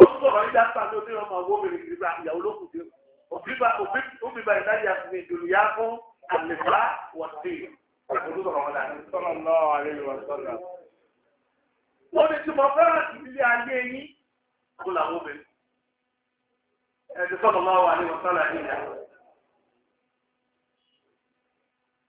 ó ń sọ̀rọ̀ nígbà tá ló ní ọmọ owó mi rìn gba ìyàwó ló kù dé òbí bá ìdájí àfihàn ìdòlù yá fún àlèfà wọ̀tí ó ní tí mo fẹ́ràn sí ilé ayé yín kó làwọn obìnrin ẹ̀jẹ̀ sọ̀rọ̀ máa wà ní wọ̀tálà yìí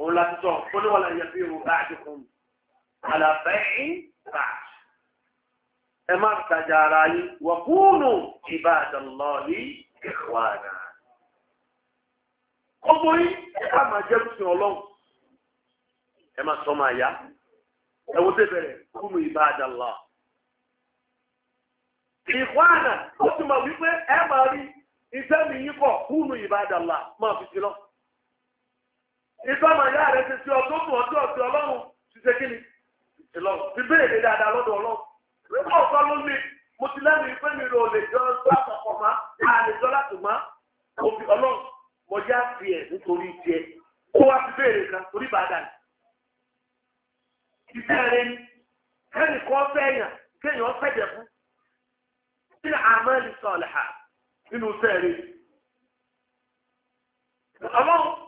òun láti sọ ó ní wàlá ìyàbí òun bá àdékùn àlàfẹ́ ìbà ẹ má tajà ara yín wà kúnnù ìbá àdàlọ́ yìí ìwà náà. ọmọ yìí ká máa jẹ́ lùsìn ọlọ́run ẹ máa sọ máa yá ẹ wo débẹ̀rẹ̀ kúnnù ìbá àdàlọ́. ìwà náà ó ti mọ̀ wípé ẹ máa rí iṣẹ́ mi yín kọ̀ kúnnù ìbá àdàlọ́ máa fi sí lọ́wọ́ ìtọ́mọ ìyá rẹ̀ ti ti ọdún mú ọdún ọ̀sẹ̀ ọlọ́run ti ṣe kí ni ìlọ́run ti béèrè dáadáa lọ́dọ̀ ọlọ́run nígbà ọ̀sán ló ní mo ti lẹ́nu ìpé mi rò lè jọ ọjọ́ àpapọ̀ má a lè jọ láti má òbí ọlọ́run mo yá tiẹ̀ nítorí tiẹ̀ kó wá ti béèrè kan torí bàdà ni. ìṣẹ́ rẹ ni kẹ́ni kọ́ fẹ́ yàn kéèyàn fẹ́jẹ̀ fún kí ni àmọ́ ẹni sọ̀lẹ̀ hà nínú sẹ́ẹ̀rẹ̀ ọlọ́run.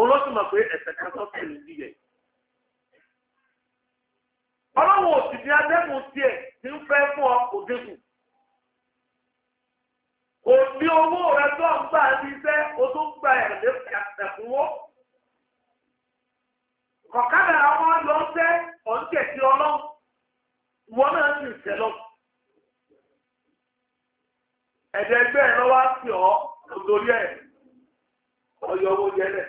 olóṣùmọ̀ pé ẹ̀sẹ̀ kan tó kẹ̀ ní díẹ̀. ọlọ́wọ́ òsìsì adẹ́kùn tiẹ̀ ti ń fẹ́ fún ọ kò dínkù. kò ní owó rẹ tó ń gbà ní iṣẹ́ o tó ń gba ẹ̀kúnwó. ọ̀kadà àwọn lọ sẹ́ ọ̀ǹtẹ̀ sí ọlọ́run wọn náà sì ń lọ. ẹ̀dẹ̀gbẹ́ ẹ̀ lọ́wọ́ á sì ọ́ lórí ẹ̀ ọ̀yọ́ owó yẹlẹ̀.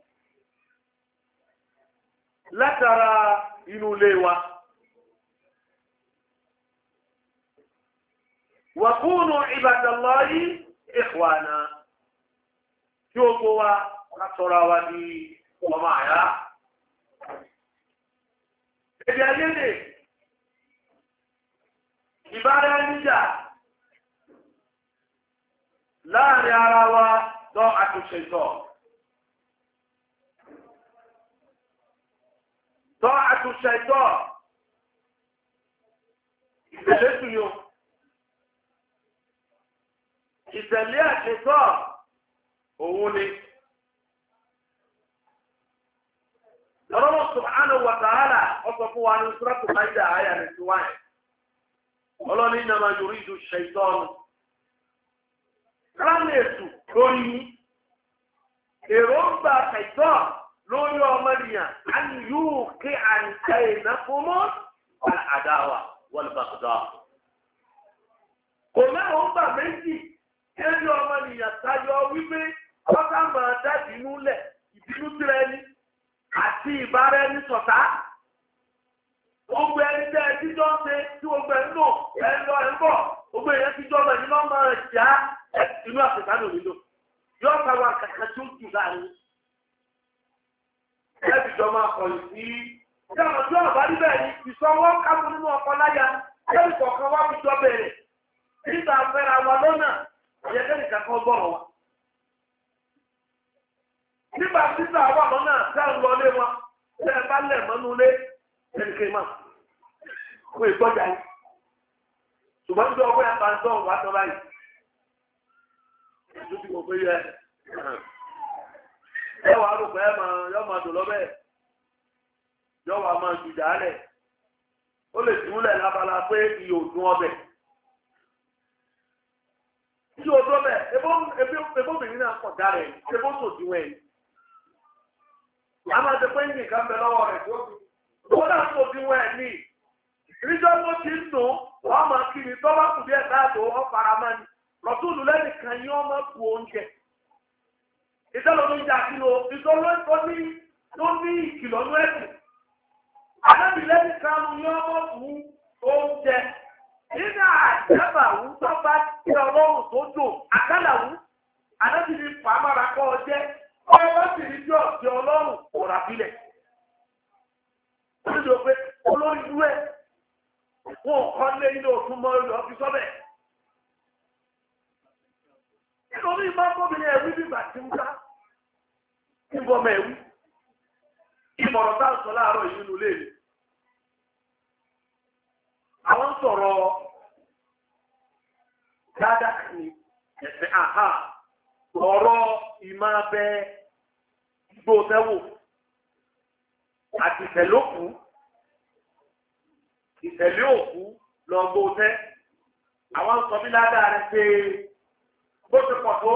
látara inú ilé wa. wàkúùnù ibadallahi ikhwana kí o kó wa ká sọ̀rọ̀ àwa di ọmọ àyà. èdè ayédè ìbára níjà láàrin ara wa lọ àtúnṣe sọ. tọ́ àtúnṣe ẹ̀tọ́ ìtẹ̀lé tuyò ìtẹ̀lé àṣetọ́ òun ni. lọ́wọ́ subhanahu wa ta'ala ọkọ̀ fún wa ní sọ́tù náírà àyà ní tiwáyé ọlọ́ni nàmà yuridu shaytan ránà ètò lórí èròǹgbà ṣẹ̀tọ́. lórí ọmọnìyàn an yóò ké àǹkà ìnáfọmọ àdáwà wọlùbàdà. kò mẹ́wọ̀n gbà méjì lórí ọmọnìyàn tayọ wípé ọ̀tá máa dá ìbínú lẹ̀ ìbínú tirẹ̀ ẹni àti ìbára ẹni ṣọ̀tá gbogbo ẹni tẹ ẹ tijọ́ ń ṣe tí gbogbo ẹni lò ẹ yọ ẹbí jọ máa kọ̀yìn sí i ṣé níbẹ̀ ni ìsọwọ́ kábù nínú ọkọ láyà ẹbí wá fi jọ bẹ̀rẹ̀ nígbà wa lọ́nà wa. nígbà wà lọ́nà lọlé ẹ bá lẹ̀ mọ́nú lé kó ṣùgbọ́n ń e wàá rò pé ẹ máa yọ máa dùn lọ́bẹ̀ yọ wàá máa jù dálẹ̀ ó lè dúnlẹ̀ lábala pé iye òdùn ọbẹ̀ iye òdùn ọbẹ̀ ebóbìnrin náà kọ̀ dálẹ̀ ebó máa ṣe pé nǹkan bẹ lọ́wọ́ rẹ̀ tó ní tó ti ń dùn wọ́n máa ìtọ́lọ́ ló ń jà kí lo ìtọ́lọ́ tó ní tó ní ìkìlọ̀ ní ẹ̀sìn. Àdébìlẹ́ ti kanu ní ọmọ fún oúnjẹ. Nínú àjẹ́bàwú tó bá jẹ́ ọlọ́run tó dò àkàlàwú. Àdébìlẹ́ pàmára kọ́ ọ jẹ́ ọwọ́ bá sì ní jọ ọ̀sẹ̀ ọlọ́run kò rà bílẹ̀. Ó ní lọ pé olóyú ẹ̀ wọn kọ́ lé nínú òtún mọ́ ìlú ọ́fíìsì ọ̀bẹ̀ nítorí máa ń bóbi ní ẹ̀rí bíbà tí ń ká níbọ̀ mẹ́wú ìmọ̀ràn tá à ń sọ láàárọ̀ yìí nínú léèrè àwọn ń sọ̀rọ̀ dáadáa ní ẹ̀sẹ̀ àhà ọ̀rọ̀ ìmọ̀ abẹ igbó tẹ́wò àti ìtẹ̀lé òkú ìtẹ̀lé òkú lọ́gbó tẹ́ àwọn ń sọ bí ládàá rẹ pé bó ti pọ̀ tó.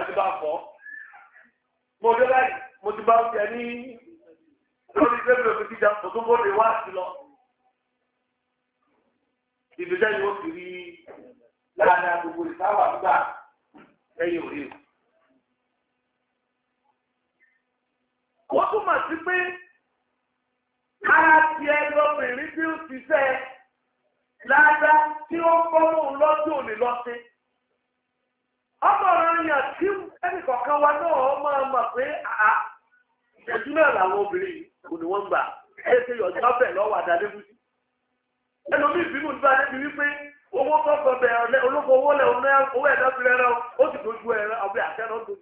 àti bá fọ́. Mo dé báyìí, mo ti bá oúnjẹ ní lórí tẹ́lẹ̀ òfin jíjà, kò tún bó lè wá sí lọ. Ìdíjẹ́ ni ó ti rí láàárín gbogbo ìsáwà gbà lẹ́yìn òrí. Wọ́n túmọ̀ sí pé ara tiẹ̀ lọ́bìnrin tí ó ti sẹ́ láàdá tí ó ń bọ́ lóun lọ́jọ́ òní lọ́sìn. ọmọràn yàn tí ẹnìkọ̀ọ̀kan wa náà máa mọ̀ pé ìṣẹ́jú náà làwọn obìnrin kò ní wọ́n gbà ẹ ṣe yọ̀jọ́ bẹ̀ lọ́wọ́ àdálébùsí. ẹlòmíì bínú nípa débi wípé owó tọ́kọ̀ olóko owó owó ó sì dojú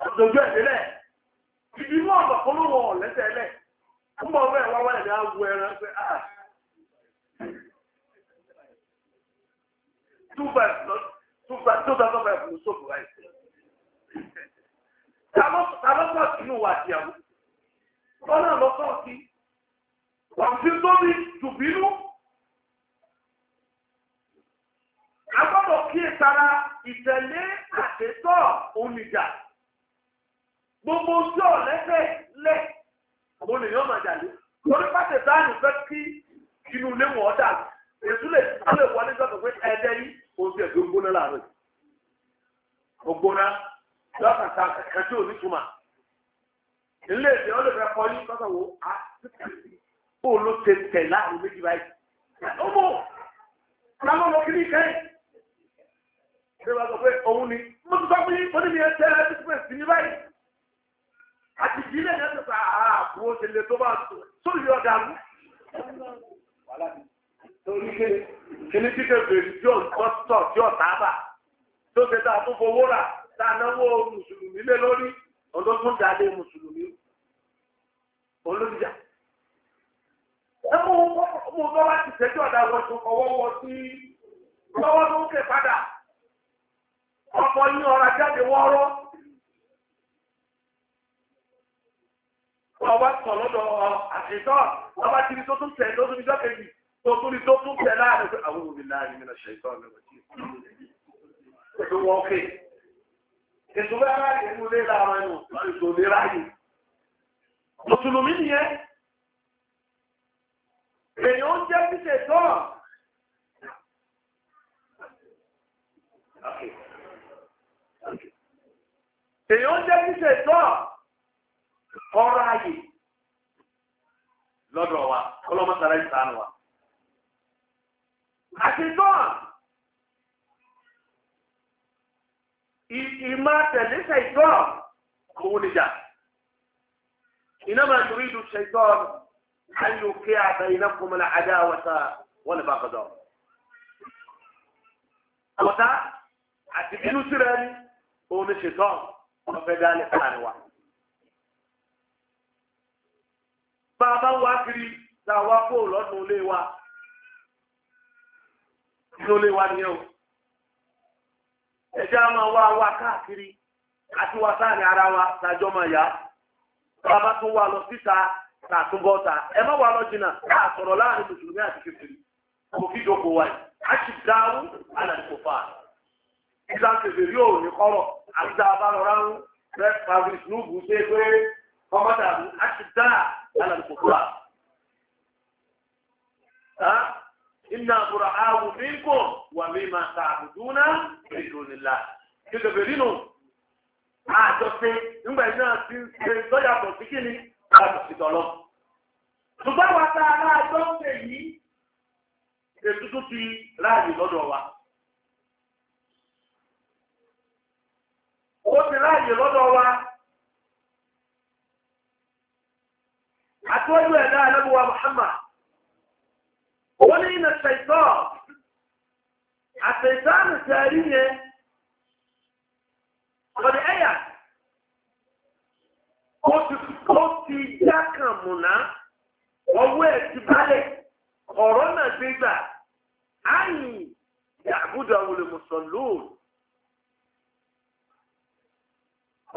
dojú dojú délẹ̀. ọ̀gbà 2005 ló sóògùn báyìí. Tàbọ́tà sínú wa àtìyàwó. Bọ́lá lọ sọ́ọ̀kì. Kọ̀m̀pí tó ní dùbínú. A gbọ́dọ̀ kíyèsára ìtẹ̀lé àtẹ́tọ́ oníjà. Gbogbo ojú ọ̀lẹ́sẹ̀ lẹ̀. Àwọn ènìyàn máa jàlé. Torí pàtẹ́tà ni fẹ́ kí inú ilé wọn dà. Èsú lè wọlé sọ́kàn pé ẹ ògbóná lọ́kàtà kẹ̀kẹ́ tí ò ní túmọ̀ ilé ìdè ó lè fẹ́ kọ́ ní kọ́tà wo á ó ló ti tẹ̀ láàrin méjì báyìí ó mọ̀ láwọn ọmọ kìíní kẹ́yìn ṣé wàá sọ pé òun ni mo ti sọ pé onímì ẹ tẹ́lẹ̀ ẹ ti pè sí ní báyìí àti ìdílé yẹn ti sà á àbúrò tẹ̀lé tó bá sórí ọ̀dà mú torí pé kìíní kíkẹ́ bèrè tí ò tí ọ̀ tábà. tó ṣe tá a tún fowó rà tá a náwó mùsùlùmí lé lórí olókùn dáadé mùsùlùmí ẹ mú mú ti ọ̀dà ọwọ́ tó ń padà yín jáde wọ́ọ́rọ́. ọba sọ ọba tó tún kejì tó tún tó tún láàrin i. pẹ̀lú wọn kè. Ìṣúgbẹ́ aráàlú inú ilé lára ẹnu ìṣò lè ráyè. Mùsùlùmí nìyẹn. Èèyàn ń jẹ́ ṣíṣe tọ́nà. Èèyàn ń jẹ́ ṣíṣe tọ́nà ọ̀rọ̀ ayè lọ́dọ̀ wa, ọlọ́mọ sàrẹ́ ìsànù wa. Àṣetọ́nà. ìmá tẹ̀lé ṣẹ̀gbọ́n òun nìjà iná máa torí ìlú ṣẹ̀gbọ́n ayò kí àbẹ iná kọmọlá adá wọta wọn lè bá kọjọ. àwọ̀tá àti bínú síra ẹni òun ní ṣètọ́ wọn fẹ́ dá lẹ́ka àríwá. bá a bá kiri làwọn kó lọ́dún ilé wa ilé wa nìyẹn o. ẹjẹ́ a máa wá wá káàkiri àti wá ara wa tàjọ́ máa yá bàbá tún nwa lọ síta tààtúbọ̀ta ẹ má wà lọ jìnnà láàrin mùsùlùmí àti kékeré kò kí dòkò wáyé a ti dáhùn alàdìkòfà ìdáǹkèfè yóò ní kọ́rọ̀ àti dáàbà lọ́ra ń rẹ́ fabric ṣe pé kọ́mọ́dà a ti dáhùn alàdìkòfà. iná kura awu mínkò wà mí ma ta àbùdúnà ètò nílá kíkẹ́ bẹ̀rẹ̀ nínú àjọṣe nígbà yìí náà ti ń ṣe lọ́yà pọ̀ sí kíni láti fi tọ̀lọ́. ṣùgbọ́n wa ta aláàjọ ń pè yí ètùtù ti láàyè lọ́dọ̀ wa. ó ti láàyè lọ́dọ̀ wa. ihe ọ̀dẹ̀ ẹ̀yà ti já na mùnà ọwọ́ ẹ̀ ti balẹ̀ ọ̀rọ̀ náà gbé gbà áyì yàgùdà àwọn olùmùsọ̀lùm.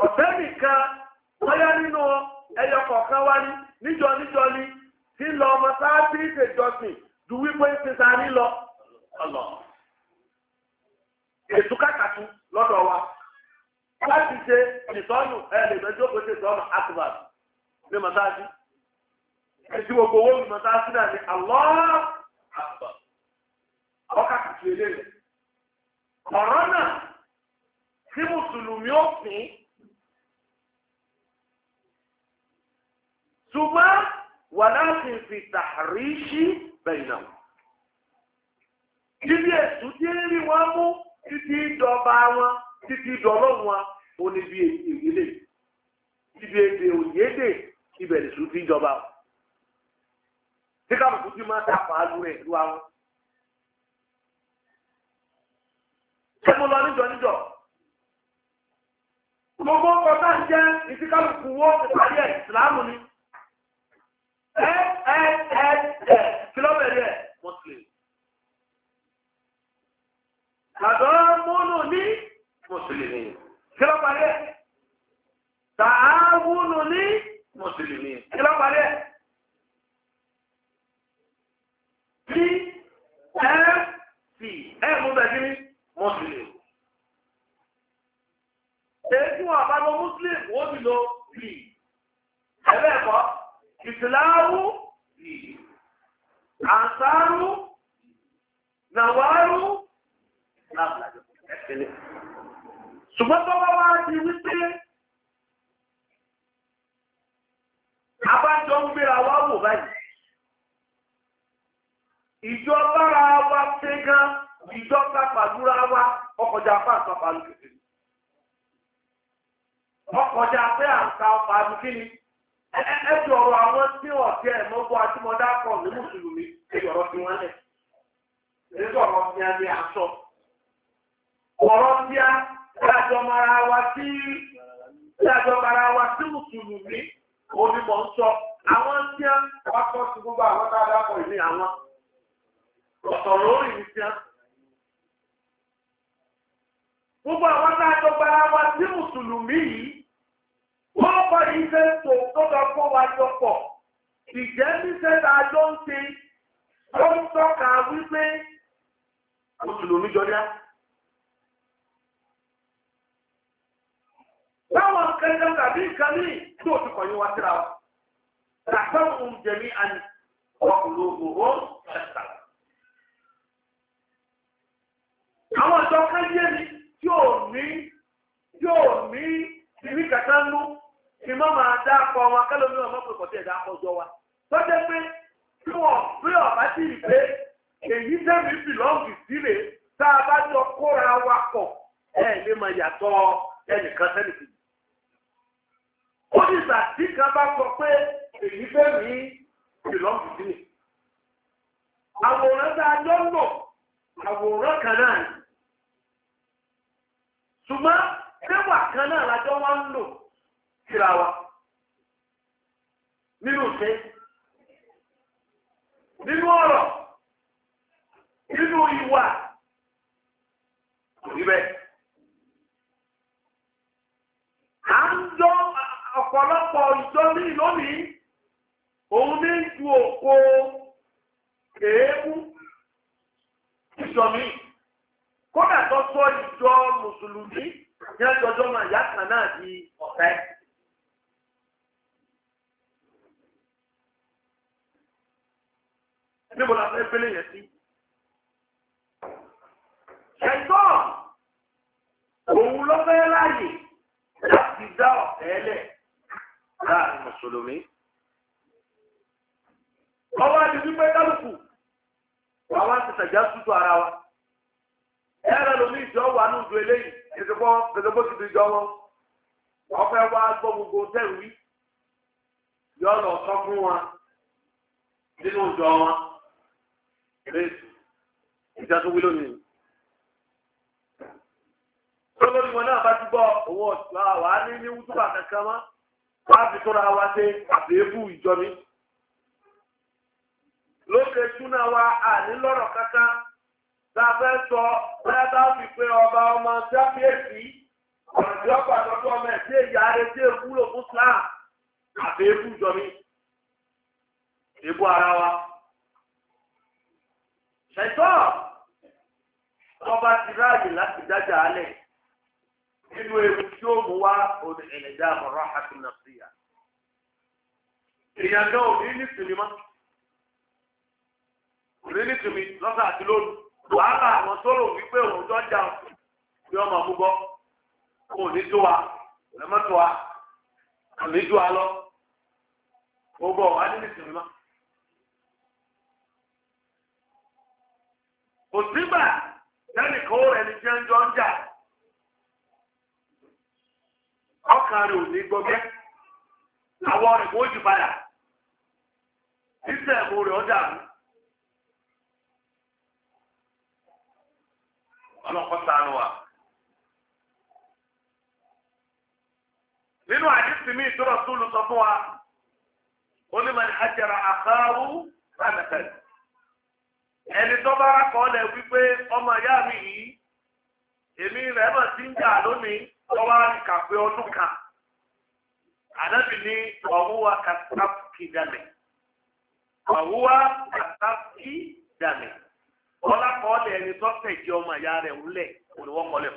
ọ̀sẹ̀ lọ ọmọ sáà tí ṣètọ́nù ẹ lè mẹ́jọ́ kó ṣètọ́nù akbar ní mọ́sáájú ẹtí gbogbo owó mi mọ́sáájú náà ní Allah akbar ọkà kìkì eléyìí ọ̀rọ̀ náà tí mùsùlùmí ó pín ṣùgbọ́n wà láti fi tàríṣì bẹ̀yìnà kí ni ètùtí rí wọn mú títí dọba wọn títí dọlọ́run ó ní bí èyílè ibi èdè òyédè ibẹ̀ nìṣú ti jọba o tí kálukú ti máa tàpá lu rẹ̀ lu àwọn. ṣé mo lọ níjọ níjọ gbogbo kọta ń jẹ ìfikálukú wo ìparí ẹ ìsìlámù ni ẹ ẹ ẹ ẹ kìlọ́mẹ̀rì ẹ mọ́sílẹ̀ àdó mọ́nù ní mọ́sílẹ̀ nìyẹn kílọ̀ parí ẹ̀ tààwùnù ní mùsùlùmí kílọ̀ parí ẹ̀ bí ẹ fi ẹ mú bẹ́ẹ̀ kí ni mùsùlùmí. èyí wọn bá lọ mùsùlùmí wọ́n ti lọ bí ẹ̀rẹ́ ẹ̀kọ́ ìsìláàwù bí nàwárù náà ṣùgbọ́n tó wá wá di wípé abájọ ń gbéra wá wò báyìí ìjọba ra wa ṣe gan ìjọba pàdúrà wa ọkọjà apá àtàpà lókè ọkọjà pé àǹkà ọkọ àdúgbìnì ẹ ti ọ̀rọ̀ àwọn tí ọ̀tí ẹ̀ mọ́gbọ́ àtìmọ́dá kọ̀ ní mùsùlùmí fi wọ́n lẹ̀ ní a Lájọ mara wa sí lájọ mara wa sí mùsùlùmí onímọ̀ ń sọ. Àwọn tí a wá kọ́ sí gbogbo àwọn tá a dápọ̀ ìní àwọn. Ọ̀sọ̀ lórí mi tí a. Gbogbo àwọn tá a jọ mara wa sí mùsùlùmí yìí. Wọ́n kọ́ yìí fẹ́ tò tó lọ fún wa jọ pọ̀. Ìjẹ́ níṣẹ́ tá a jọ ń ṣe. Ó ń tọ́ka wípé mùsùlùmí jọ dá. báwọn kankan tàbí nǹkan ní tó ti kọ̀yìn wá síra wa ụmụ ohun jẹ̀mí àní ọkùnrin ògbòho ẹ̀sà. àwọn ìjọ yé yóò ní yóò ní ìní kàtà ń lú kí má máa dá akọ wọn wọn ọjọ́ wa. pé kí wọ́n pé ọ̀bá sí ìgbé èyí sẹ́mi tá a bá jọ kóra wa ó ní tí kan bá sọ pé èyí fẹ́ rí ìlọ́pù sí ni. àwòrán tá a jọ ń lò àwòrán kan náà ni. ṣùgbọ́n kan náà lájọ́ wá ń lò síra wa ọ̀pọ̀lọpọ̀ ìjọ ní lónìí òun ní ju òkò èébú ìjọ mi kódà tó sọ ìjọ mùsùlùmí ní ẹjọjọ máa yá kan náà di ọ̀rẹ́. níbo la fẹ́ gbélé yẹn sí. ẹ̀tọ́ òun ló fẹ́ láàyè láti dá ọ̀fẹ́ lẹ̀. láàrin mùsùlùmí. ọba ti wípé kálukú àwa ti sàjà sútù ara wa ẹ̀rọ lómi ìjọ wà ní ìjọ eléyìí gẹ́gẹ́bọ́ ti wọn gbọ́ gbogbo yọ lọ sọ fún wa nínú tó wí lónìí. wọn náà bá ti owó ní ní kankan mọ́. láti tóra wa ṣe àbẹ́bù ìjọ mi. lókè túná wa àní lọ́rọ̀ kankan tá a fẹ́ sọ bóyá tá a fi pé ọba ọmọ sáfíèsì ọ̀rọ̀dì ọ̀pọ̀ àtọ́jú ọmọ ẹ̀ tí èyà rẹ̀ tí èkúlò fún Islam àbẹ́bù ìjọ mi. èbú ara wa. ṣètò ọba ti ráàyè láti dájà alẹ́ yìí. inu ewu tí ó mú wá òní ẹ̀lẹ́dá ọ̀rọ̀ àkàtúnà sí ya. èèyàn náà òní ní sinimá òní ní sinmi lọ́sà àti lónìí wàhálà àwọn tó wípé òun tó jà ní ọmọ àmúgbọ kò ní tó wa lẹ́mọ́ tó wa kò ní wa lọ gbogbo ọ̀wá ní ní sinimá. kò sígbà sẹ́nìkan ó rẹ̀ ní jẹ́ ọkàn rẹ̀ a ní gbọ́gbẹ́ àwọ̀ rẹ̀ kò jù padà títẹ̀ rẹ̀ ọ́ nínú àdìsí mi ìtura sólù sọ fún wa ó ní màá hajara ẹni tó bá lẹ̀ wípé ọmọ ìyá mi yìí èmi rẹ̀ lọ́wọ́ àríkà pé ọdún kan ànábì ní ọ̀húwà kàtàkì dàmì ọ̀húwà kàtàkì dàmì ọlákọọlẹ ẹni tó fẹ̀jẹ̀ ọmọ ìyá rẹ̀ wúlẹ̀ olùwọ́kọlẹ̀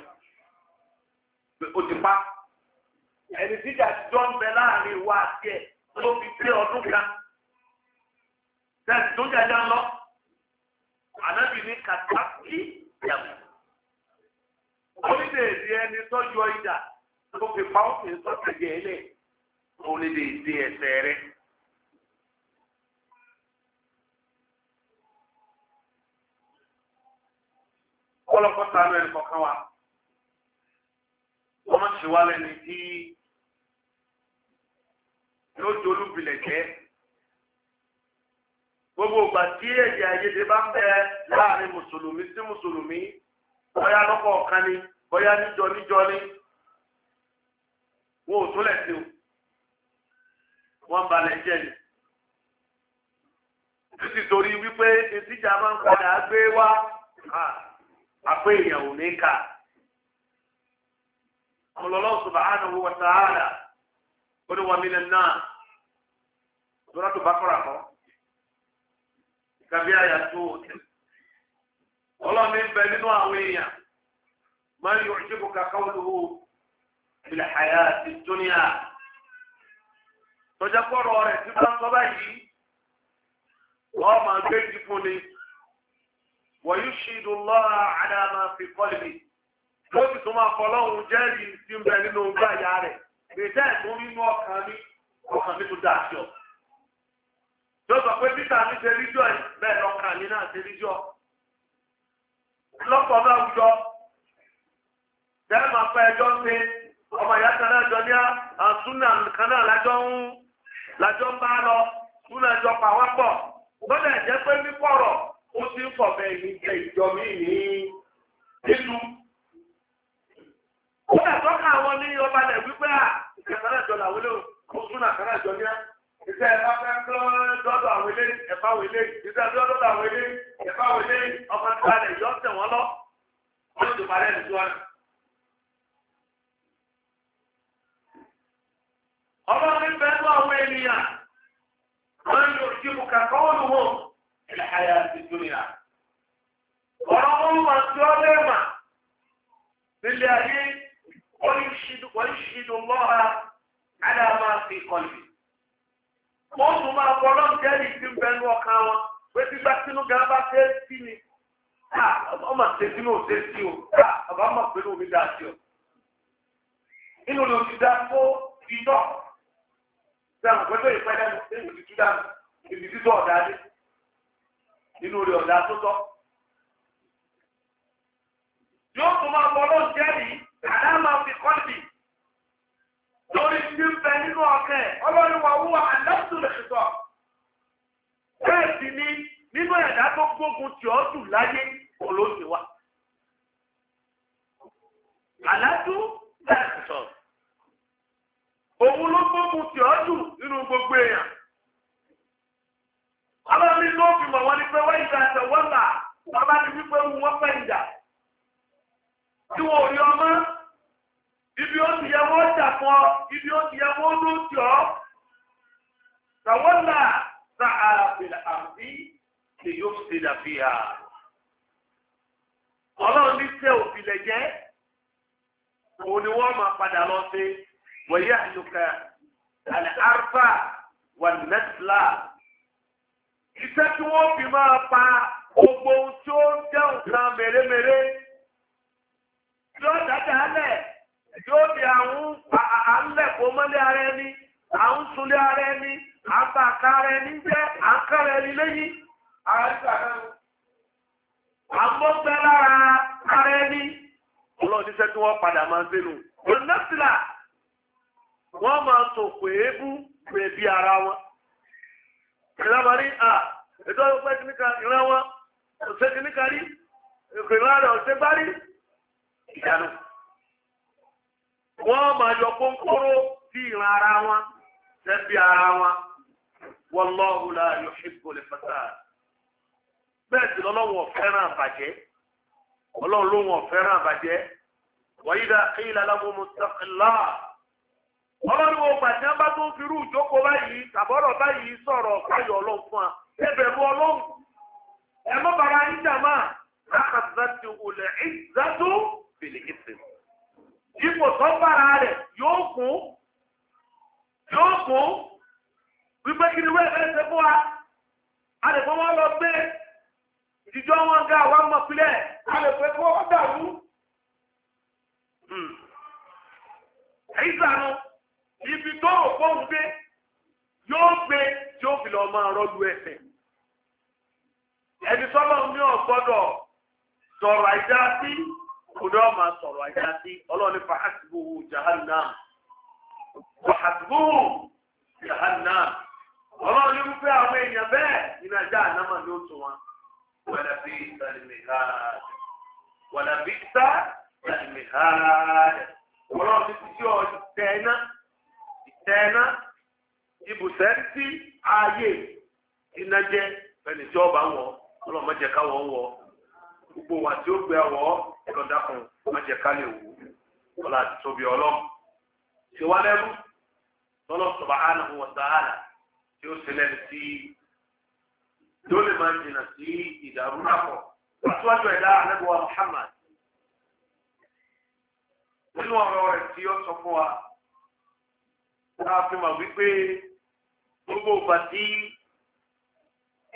o ti pa ẹni tíjà jọ ń bẹ láàrin wa àti ẹ ló fi pé ọdún kan tẹsí tó jẹjẹ lọ ànábì ní kàtàkì dàmì onídèédé ẹni tọ́jú ọjà tó fi pa ó fi sọ́tẹ̀jẹ̀ ẹlẹ̀ onídèédé ẹsẹ̀ rẹ̀. kọlọkọ sanu ẹni kọkan wa wọn máa ṣe wá lẹni tí yóò di olúbilẹ̀ jẹ́ gbogbo ìgbà tí èdè àìyedè bá ń bẹ láàrin mùsùlùmí sí mùsùlùmí bóyá lọ́kọ̀ọ̀kan ni. bóyá níjọ níjọ ní wọn ò tún lẹ̀ o wọ́n balẹ̀ jẹ́ ni títí torí wípé ìtìjà máa ń padà gbé wá àpé èèyàn ò ní kà ọlọ́lọ́ subhanahu wa ta'ala ó ní wọn mílẹ̀ náà lọ́dọ̀ tó bá kọ́ra kọ́ kàbí àyà tó ń bẹ nínú àwọn èèyàn. ما يعجبك قوله في الحياة الدنيا تجبر ورث من صباحي وما تجفني ويشهد الله على ما في قلبي lóbi tó máa fọ lọ́hùn jẹ́rìí tí ń bẹ nínú ọgbà ìyá rẹ̀ gbèsè tó nínú ọkàn mi ọkàn mi tó dáa sí ọ. tó sọ pé peter mi ṣe tẹ́lẹ̀ máa pẹ́ ẹjọ́ ń pe ọmọ ìyá jọ ní àtúnà kan náà lájọ́ ń lájọ́ ń bá lọ túnà jọ pa wá gbọ́dọ̀ jẹ́ pé ó ti ń ìjọ ní ó tọ́ka àwọn ní ọba rẹ̀ wípé à ìkẹ̀kẹ́ náà jọ làwọn eléyìí túnà ní ẹ̀fá fẹ́ kọ́ dọ́dọ̀ àwọn ilé ẹ̀fá àwọn ilé ọlọ́run fẹ́ lọ àwọn ènìyàn wọ́n yóò jí mu kàkọ́ olùwò ilẹ̀ ayé àti dúnìyà. ọ̀rọ̀ wọn wà sí ọlẹ́ mà nílé ayé wọ́n lọ́ra ádá máa fi tún máa sí ọkàn wọn pé gan bá fẹ́ sí ni. Ah, ọmọ tẹ̀sí ní sí o omi ah, sí o. inú ló ti dá fún sẹ́wọ̀n pẹ́jọ́ ìpẹ́lẹ́ mi ṣé ìwòsí tú dànù ìbí títọ́ ọ̀dà dé nínú rẹ̀ ọ̀dà tó tọ́. yóò tún máa bọ́ ló ń jẹ́rìí àdá máa fi kọ́lì lórí tí ń bẹ nínú ọ̀kẹ́ ọlọ́run wà wúwa lè sọ. bẹ́ẹ̀ sì ni nínú ẹ̀dá tó gbógun tì ọ́ jù láyé kò ló ti wà. àdáṣù lè sọ̀rọ̀ òun ló gbógun tì ọ́ jù nínú gbogbo èèyàn. ọlọ́run ní ló fi mọ̀ wọ́n ní pé wọ́n ìgbà ẹ̀sẹ̀ wọ́n là bàbá ti wípé wù wọ́n pẹ̀ ìjà. tí wọn ò yọ ọmọ ibi ó ti yẹ wọ́n jà fọ́ ibi ó ti yẹ wọ́n ló tì ọ́. sàwọ́n sa àràbìlà àbí lè yóò ṣe dàbí ha. ọlọ́run ní sẹ́ òbí lẹ̀ jẹ́ òun ni wọ́n máa padà lọ sí. ويهلك الأرض والنسل iṣẹ́ tí wọ́n fi máa pa gbogbo ohun tí ó ń jẹ́ nǹkan mèremère yóò dáadáa alẹ̀ yóò di àwọn àlẹ̀kọ́ mọ́lẹ̀ ara ẹni à sunlé ara ẹni à ara ẹni jẹ́ à ẹni lẹ́yìn ara lára ara ẹni ọlọ́run tí wọ́n padà máa ń sẹ́nu ònàfìlà wọ́n máa tò pé ébú rẹ̀ bí ara wọn. ìlàbàrí à ètò ọgbẹ́ kìníkà ìran wọn ọ̀sẹ̀ kìníkà rí ìrìnlá rẹ̀ ọ̀sẹ̀ bá rí ìyànà. wọ́n máa yọ kónkóró sí ìran ara wọn lẹ́bí ara wọn. wallahu la yuhibbul fasad. bẹ́ẹ̀ sì lọ́lọ́wọ́ fẹ́ràn àbàjẹ́ ọlọ́run ló wọ̀n fẹ́ràn àbàjẹ́ wàyí dá kí ìlàlámú mustaqillah ọlọ́run ọgbà tí wọ́n bá tó ń firú ìjókòó báyìí tàbọ̀rọ̀ báyìí sọ̀rọ̀ káyọ̀ ọlọ́run fún wa ẹ bẹ̀rù ọlọ́run ẹ mọ́ bàrà yín jàmá lákàtúntì olè ìzàtú fìlì ipò tó rẹ̀ yóò kún yóò kún wípé kí ni wọ́n ẹ̀ ṣe fún wa a lè fọwọ́ lọ gbé ìdíjọ́ wọn ga àwọn ọmọkùnrin ẹ̀ a lè fẹ́ fọwọ́ dàrú. Hmm. Ẹ̀yin sànù ibi tó rò fóun gbé yóò gbé tí ó fi lọ máa rọ́lu ẹsẹ̀ ẹni sọ́lọ́ ní ọ̀gbọ́dọ̀ sọ̀rọ̀ àìdá sí òde ọ̀ma sọ̀rọ̀ àìdá sí ọlọ́ọ̀ni fàásìbúhù jahannam fàásìbúhù jahannam ọlọ́ọ̀ni wípé àwọn èèyàn bẹ́ẹ̀ nínú ajá ànámà ni ó tún wọn wàlà bí sàlìmìhà wàlà bí sàlìmìhà ọlọ́ọ̀ni ti tí ọ̀ tẹ̀ náà. tẹ̀ẹ̀ná ibùsẹ̀ sí ààyè iná jẹ́ tí ọba wọ̀ ọlọ́mọdé káwọ̀ wọ̀ gbogbo wa tí ó gbé ọwọ́ ọlọ́dà kan ọmọdé lè wò ọlọ́ àti tóbi ọlọ́mù tí lẹ́rú lọ́lọ́ tí ó sí Muhammad nínú ọ̀rọ̀ rẹ̀ tí ó sọ fún a fi mọ̀ wípé gbogbo ìgbà tí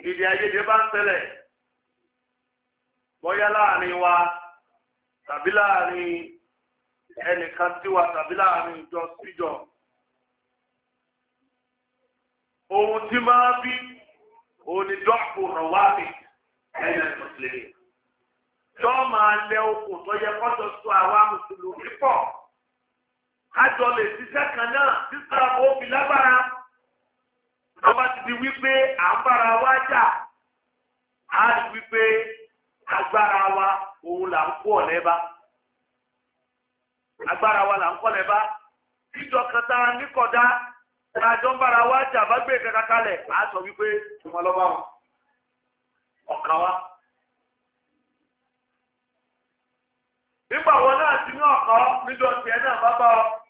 èdè ayédè bá ń ṣẹlẹ̀ bóyá láàrin wa tàbí láàrin ẹnìkan sí wa tàbí láàrin ìjọ síjọ ohun tí máa bí òun ni dọ́pù ràn wá mi ẹ̀yẹ mùsùlùmí yọ́ máa lẹ okùn tó yẹ kọ́jọ sọ àwa mùsùlùmí pọ̀. àjọ lè ṣiṣẹ́ kan náà títà òbí lágbára ti di wípé à ń bára wípé agbára wa òun là ń kó ọ̀lẹ́ bá wa là ń kọ́ bá ìjọ kan tá a níkọ̀dá tá a jọ ń bára bá gbé kalẹ̀ sọ wípé ìmọ̀ wa. nígbà wo náà ti ní ọ̀kọ́ níjọ tiẹ̀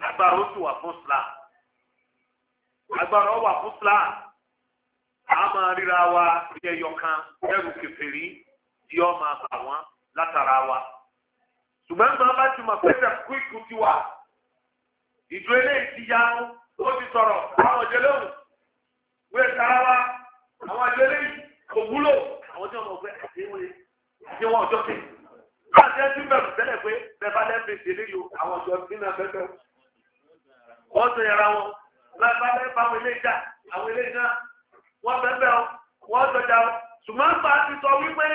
agbára ó sì wà fún Islam agbára ó wà fún Islam a máa ríra wa bí ẹyọ ẹrù kẹfìrí tí ó máa bà wọ́n látara wa ṣùgbọ́n gbọ́n bá ti mọ̀ pẹ́sẹ̀ kú ikú ti wà ìjọ eléyìí ti ya ó ti sọ̀rọ̀ àwọn ọ̀jẹ̀ lóhùn wíwẹ̀ sára wa àwọn ọ̀jẹ̀ eléyìí kò wúlò àwọn ọjọ́ ọmọ ọgbẹ́ àti ìwé àti ìwọ̀n ọjọ́ kejì láti ẹni bẹ̀rù tẹ́lẹ̀ pé bẹ́ẹ̀ bá lẹ́ẹ̀fẹ̀ẹ́ sí eléyìí àwọn ọjọ́ nínú abẹ́fẹ́ wọ́n tún yẹra wọn lábábẹ́ bá àwọn ilé ìjà àwọn ilé ìjà wọ́n bẹ́ẹ̀ wọ́n tọ́jà wọn ṣùgbọ́n bá ti sọ wípé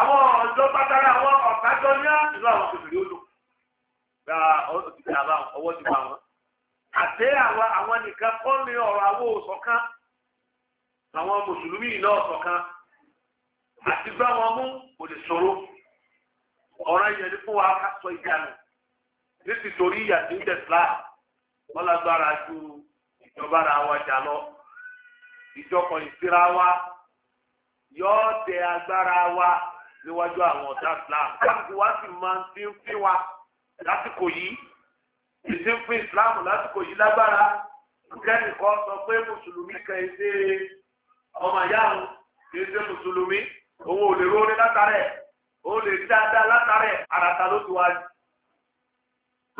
àwọn ọ̀dọ́ pátára àwọn ọ̀kájọ́ ní ìlú àwọn kòtòlì olù gba ọwọ́ ti pa wọn àti àwọn àwọn nìkan kọ́ ní ọ̀rọ̀ àwọn òṣọ̀kan àwọn mùsùlùmí iná ọ̀ṣọ̀kan àti gbá wọn mú kò lè ṣòro ọ̀rọ̀ ìyẹn ní fún wa ká sọ ìjà nítorí torí ìyà tí ń tẹ̀sílá wọ́n lágbára ju ìjọba ara wa jà lọ ìjọkọ̀ ìsira wa yóò tẹ agbára wa níwájú àwọn ọ̀tá Islam káàkiri wa sì máa ti ń fi wa lásìkò yìí ìdí ń fi Islam lásìkò yìí lágbára kẹ́nìkan sọ pé mùsùlùmí kan ẹ ṣe ọmọ ìyá òun kì í ṣe mùsùlùmí òun ò lè róore látàrẹ̀ òun lè rí dáadáa látàrẹ̀ àràtà ló ti wájú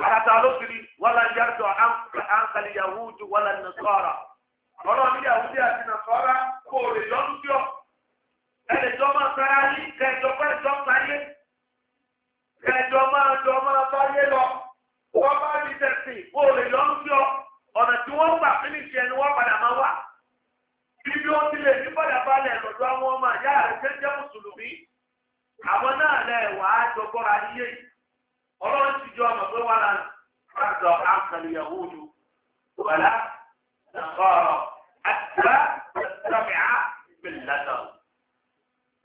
àtàtà lóbìnrin wàlá yàtọ̀ àǹkàlì yahudu wàlá nàṣọ́ra ọlọ́run ní yahudi àti nàṣọ́ra kò lè lọ́dún tí ọ ẹnìjọ́ máa sára yí kẹjọ pẹ́jọ sáyé kẹjọ máa jọ máa sáyé lọ wọ́n bá rí tẹ̀sìn kò lè lọ́dún tí ọ ọ̀nà tí wọ́n gbà fínísì ẹni wọ́n padà máa wá ibi ó ti lè ní padà balẹ̀ lọ́dọ̀ àwọn ọmọ àyá rẹ̀ jẹ́jẹ́ mùsùlùmí àwọn náà lẹ̀ wàá jọ bọ́ra yíyé yìí ọlọ́run ti jọ ọmọ pé wọ́n náà pàtó àǹkàlì yahudu wàlá nàkọ́rọ̀ àtúrà ìtàmìà ìpìlẹ̀dà.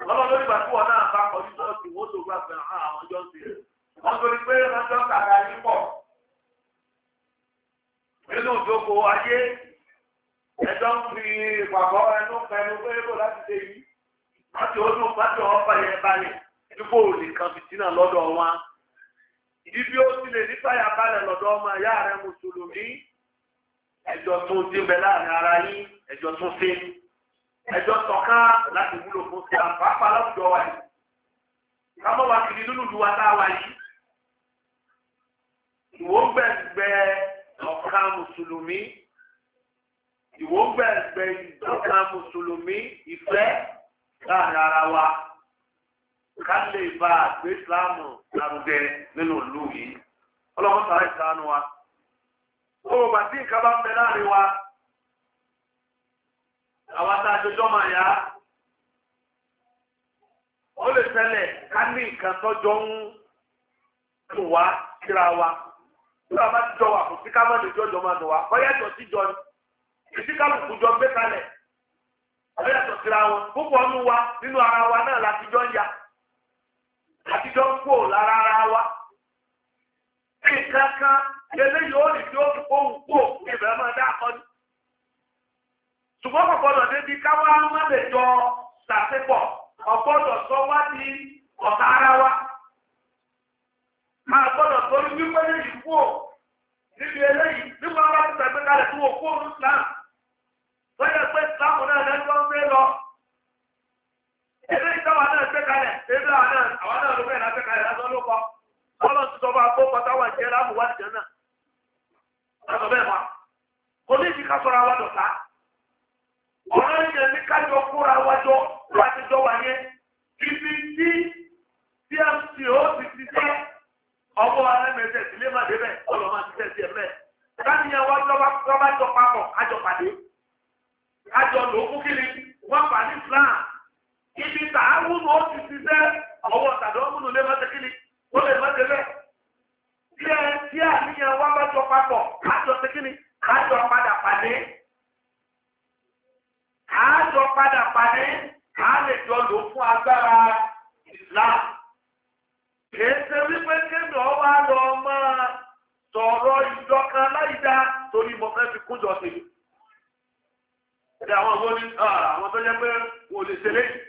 ọlọ́run lórí pàtó wọn náà bá kọjú sọ́ọ̀tì wọ́n tó gbà fẹ́ràn ah, àwọn ọjọ́ sí i. wọ́n torí pé ọjọ́ kàkà yín pọ̀. nínú ìjókòó ayé ẹjọ́ ń fi ìpàgọ́ ẹnu pẹ̀lú pé kò láti dé yìí. wọ́n ti ó dùn pàtó ọ̀pá yẹn báyìí. dípò nìkan fìtínà lọ́dọ̀ wọn ibi ó ti lè nífàyà balẹ̀ lọ́dọ̀ ọmọ ìyá rẹ̀ mùsùlùmí ẹjọ́ tún ti bẹ láàrin ara yín ẹjọ́ tún sí ẹjọ́ tọ̀ká láti wúlò fún sí àpapà láwùjọ wa yìí kámọ́ wa kiri nínú ìlú wa tá a wà yìí ìwò gbẹ̀gbẹ̀ ọ̀ka mùsùlùmí ìwò gbẹ̀gbẹ̀ ìjọba mùsùlùmí ìfẹ́ láàrin ara wa. ká lè bá àgbé ìsìláàmù lárugẹ nínú ìlú yìí ọlọ́run sàrà ìsìláàmù wa ó bá tí nǹkan bá bẹ láàrin wa àwa tá máa yá ó lè ṣẹlẹ̀ ká wa tí bá ti jọ wà kò sí ká lè máa jọ sí jọ ni èsì kálukú jọ gbé kalẹ̀ wọn wa nínú ara wa náà láti ya. àtijọ́ ń kúrò lára ara wa. Nǹkan kan eléyìí ó lè tó ohun kúrò ìbẹ̀rẹ̀ máa ọ ní. Ṣùgbọ́n kò débi káwá má lè jọ ṣàṣepọ̀, ọ̀gbọ́dọ̀ sọ wá ọ̀tá ara wa. Máa gbọ́dọ̀ wípé níbi eléyìí nígbà ti Ilé ìtawà náà gbé kalẹ̀, ilé àwọn náà, àwọn náà ló bẹ̀rẹ̀ láti kalẹ̀ lásán ló kọ́. Ọlọ́run ti sọ bá kó pátáwà jẹ́ láàmú wá jẹ́ náà. Ọ̀sọ̀ bẹ́ẹ̀ mọ́. Kò ní ìdí ká sọ̀rọ̀ àwọn dọ̀tá. Ọ̀rọ̀ ìjẹ̀ ní kájọ kóra wájọ láti jọ wà yẹn. Ibi tí CMC ó ti ti jẹ́ ọwọ́ ẹ̀mẹ́tẹ̀ sílé má débẹ̀, ọlọ́ máa ti tẹ̀sí ẹ̀mẹ́. Káníyàn wá lọ́bàjọ papọ̀ kájọ pàdé. Kájọ lòókù kiri, wọ́n pa ní Flan ibi tààwùnù ó ti ṣiṣẹ́ ọwọ́ tàdọ́mùnù lè má ṣe kíni ó lè má ṣe bẹ́ẹ̀. tí ẹ tí àníyàn wá bá jọ papọ̀ kájọ ṣe kíni kájọ padà pàdé. kájọ padà pàdé ká lè jọ lò fún agbára Islam. kìí ṣe wípé kéèyàn wá lọ máa sọ̀rọ̀ ìjọkan láì dá torí mo fẹ́ fi kúnjọ sí i. Ẹ̀dá àwọn ọmọ ní ah, àwọn tó jẹ́ pé wọ́n lè ṣe léyìí.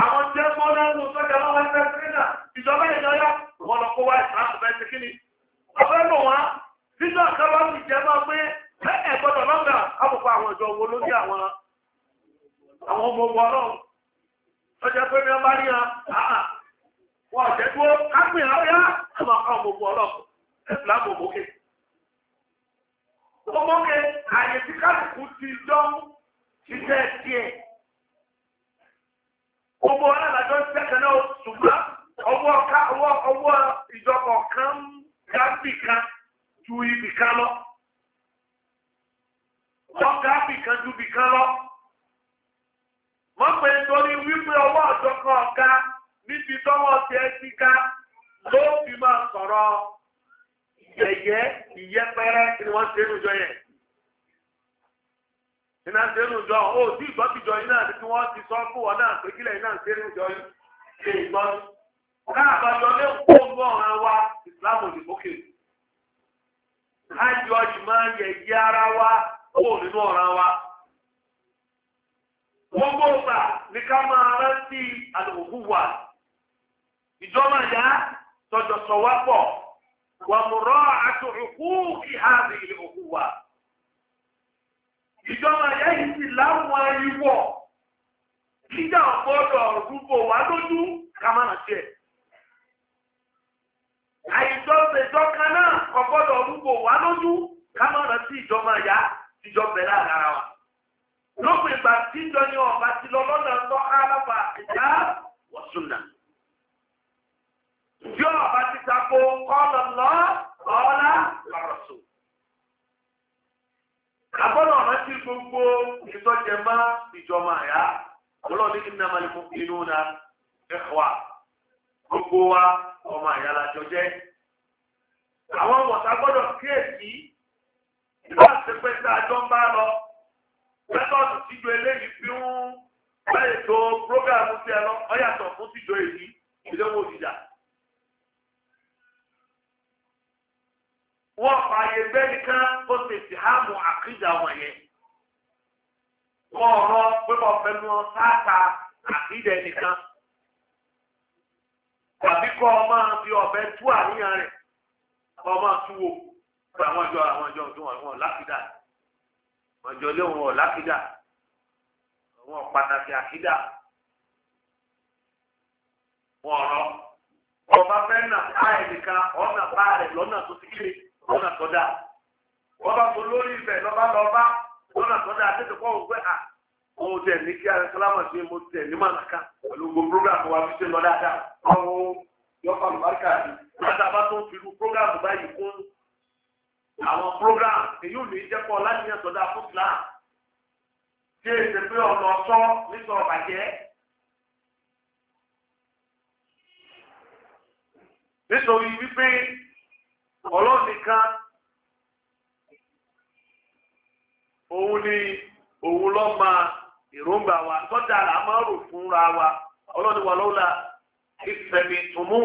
àwọn jẹ́ mọ́nà ń sọ́jà wọn wọ́n fẹ́ sílẹ̀ ìjọba ìjọba wọn lọ kó wá ìsìláàmù fẹ́ sí kíni. ọ̀fẹ́ mọ̀ wá nínú àkàbà mi jẹ́ máa pé ẹ̀ gbọ́dọ̀ lọ́gbà àbùkù àwọn ìjọ wo ló ní àwọn àwọn ọmọ ogun ọlọ́run. Gbogbo wọn alájọ ń tẹ́kẹ̀ náà ṣùgbọ́n ọwọ́ ká ọwọ́ ọwọ́ ìjọba kan gábì kan ju ibì kan lọ. Wọ́n gábì kan ju ibì kan lọ. Wọ́n pè é torí wípé ọwọ́ ọ̀jọ̀ kan ọ̀gá níbi tọ́wọ́ ti ẹ ti ga ló fi máa sọ̀rọ̀ ẹ̀yẹ ìyẹpẹrẹ ni wọ́n ṣe é lójọ yẹn. iná ń ṣe irun jọ ó tí ti iná àti tí wọ́n ti sọ fún wọn náà pé ṣe irun jọ yìí ṣe ìgbọ́ káàbàjọ wa ìsìláàmù òdìbókè ájọ yìí máa ń yẹ̀yẹ́ ara wa kó nínú ọ̀ràn wa gbogbo ọgbà ní ká máa rántí wa ìjọba yá wá pọ̀ wàmúrọ̀ kí á wa. ìjọba ẹ̀yà yìí sì láwọn ìwọ̀ nígbà ọ̀gbọ́dọ̀ rúgbò wá lójú kàmánà tiẹ̀. àìjọba ìjọka náà ọ̀gbọ́dọ̀ rúgbò wá lójú kàmánà sí ìjọba ẹ̀yà ìjọba ẹ̀dá ara wa. lópin ìgbà tí ìjọ ni ọba ti lọ lọ́nà tó alábà ìjà wọ̀sùnà. tí ọba ti tako kọ́ lọ́lọ́ kọ́ ọ́lá lọ́rọ̀ sùn àbọ̀lọ̀ rántí gbogbo ìtọ́jẹ má ìjọba àyà ọlọ́ọ̀ni innamal mu'minuna ikhwa gbogbo wa ọmọ àyà làjọ jẹ́. àwọn wọ̀tá gbọ́dọ̀ kíyèsí ìwà àtẹ̀pẹ́sẹ̀ àjọ ń bá lọ rẹ́kọ̀dù tíjọ eléyìí fi ń bẹ́ẹ̀ tó prógáàmù sí ẹ lọ ọ̀yàtọ̀ fún tíjọ èyí ìdánwò ìjà. wọ́n fààyè bẹ́ẹ̀ni kan ó ti sì háàmù àkídà wọn Wọ́n rọ pé wọ́n fẹnu sáàtà àkídà nìkan. Tàbí kọ́ ọmọ fi ọ̀bẹ tú rẹ̀. tú wo pé àwọn àwọn tó wọn wọn lákìdá. Wọ́n jọ lé wọn lákìdá. Wọ́n pàtàkì Wọ́n rọ. Ọba fẹ́ nà ọ̀nà lọ́nà tó ti kéré. lọ́nà tó dáa wọ́n bá fún lórí ibẹ̀ lọ́ba lọ́ba lọ́nà tó dáa tètè kọ́ òun pé à ó tẹ̀ ní kí ara sálámà sí mo tẹ̀ ní màlàkà pẹ̀lú gbogbo programu wa fi ṣe lọ dáadáa ọ̀hún yọ̀pọ̀ àlùbáríkà yìí nígbà bá tó ń fi irú programu báyìí fún àwọn programu èyí ò ní jẹ́ pọ̀ láti yàn sọ́dá fún islam tí èyí pé ọ̀nà ọ̀tọ́ nítorí ọ̀bàjẹ́ nítorí wípé ọlọ́nìkan òun ni òun lọ máa ìróngbà wa tọ́jà àmọ́rò fúnra wa ọlọ́ni lọ́la ìfẹ̀mí tùmù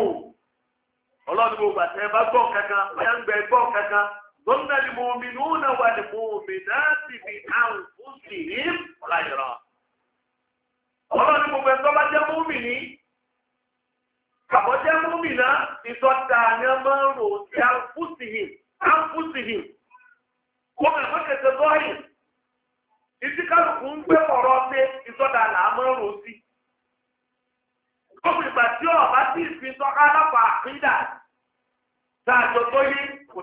ọlọ́ni gbogbo bá gbọ́ kankan bóyá ń gbẹ gbọ́ kankan gómìnà ni mo mi ní òun náà wà ní mo mi náà sì fi àwọn fún sí ní ọ̀la bá jẹ́ mú mi ní. àbọ̀jẹ́ múmìnà ìsọ̀tà ni a máa ń rò sí àǹfùsìhìn àǹfùsìhìn kó mẹ́fọ́ kẹsẹ̀ lọ́yìn ìdí kálukú ń gbé ọ̀rọ̀ ṣe ìsọ̀tà là máa ń rò sí. gómìnà tí ọba tí ìfin tọ́ka lápá àpíndà tá a jọ tó kò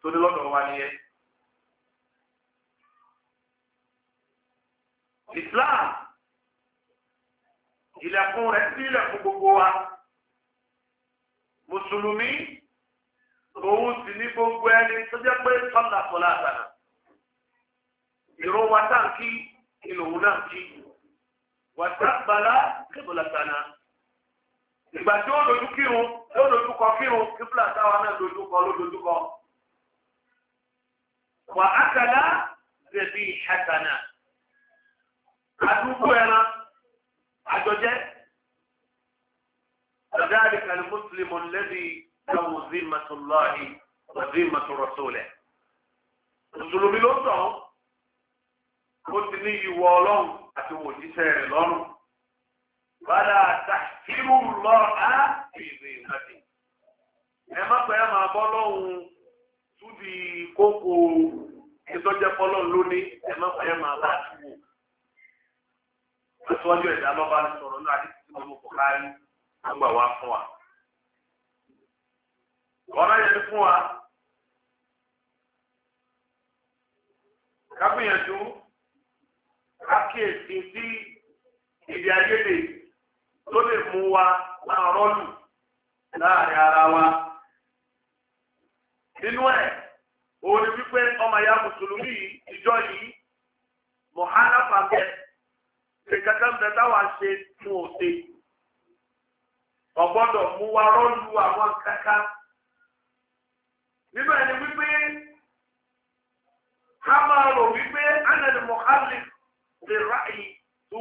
tó ní lọ́dọ̀ wa nìyẹn. Islam ilẹ̀kùn rẹ̀ sí ilẹ̀kùn gbogbo wa mùsùlùmí òun sì ní gbogbo ẹni tó jẹ́ pé sọ́nà kọlá àtàrà ìró wa táǹkì ìlòun náà kí wàtàbàlá kébùlàtànà ìgbà tí ó dojú kírun ó dojú kọ kírun kíbùlà táwa náà dojú kọ ló dojú kọ wà ákàlá rẹ̀bí ìhàtànà àdúgbò ẹran àjọjẹ́ ọ̀dáàdì kan mùsùlùmù lẹ́bí lọ́wọ́ zimmatulahi wà zimmaturasúlẹ̀ mùsùlùmí ló sọ ó ti ní ìwọ ọlọ́run àti òjíṣẹ́ rẹ̀ lọ́rùn bàdà tàkìrù lọ́ra ìrìn àti ẹ má pẹ́ máa bọ́ lọ́hùn-ún túbi kókó ìtọ́jẹ́ fọlọ́ lóní ẹ̀mọ́ fẹ́ máa bá ti wò. Àtúwájú ẹ̀dá lọ́ bá sọ̀rọ̀ náà àti títí mo kò kárí àgbà wá fún wa. Ọ̀rọ̀ yẹn ti fún wa. Kábíyànjú kákíyèsí sí èdè ayédè tó lè mú wa láàárọ̀ lù láàárín ara wa. nínú ẹ̀ òun ni wípé ọmọ ya mùsùlùmí ìjọ yìí mọ̀hálà pàmẹ́ ìkankan bẹ táwa ṣe tún òde ọ̀gbọ́dọ̀ mú wa rọ́ọ̀lù àwọn kankan nínú ẹni wípé ká máa rò wípé ánàlì lè ráàyè tó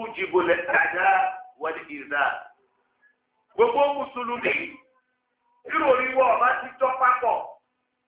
gbogbo mùsùlùmí ìròyìn wọ̀ ọba ti tọ́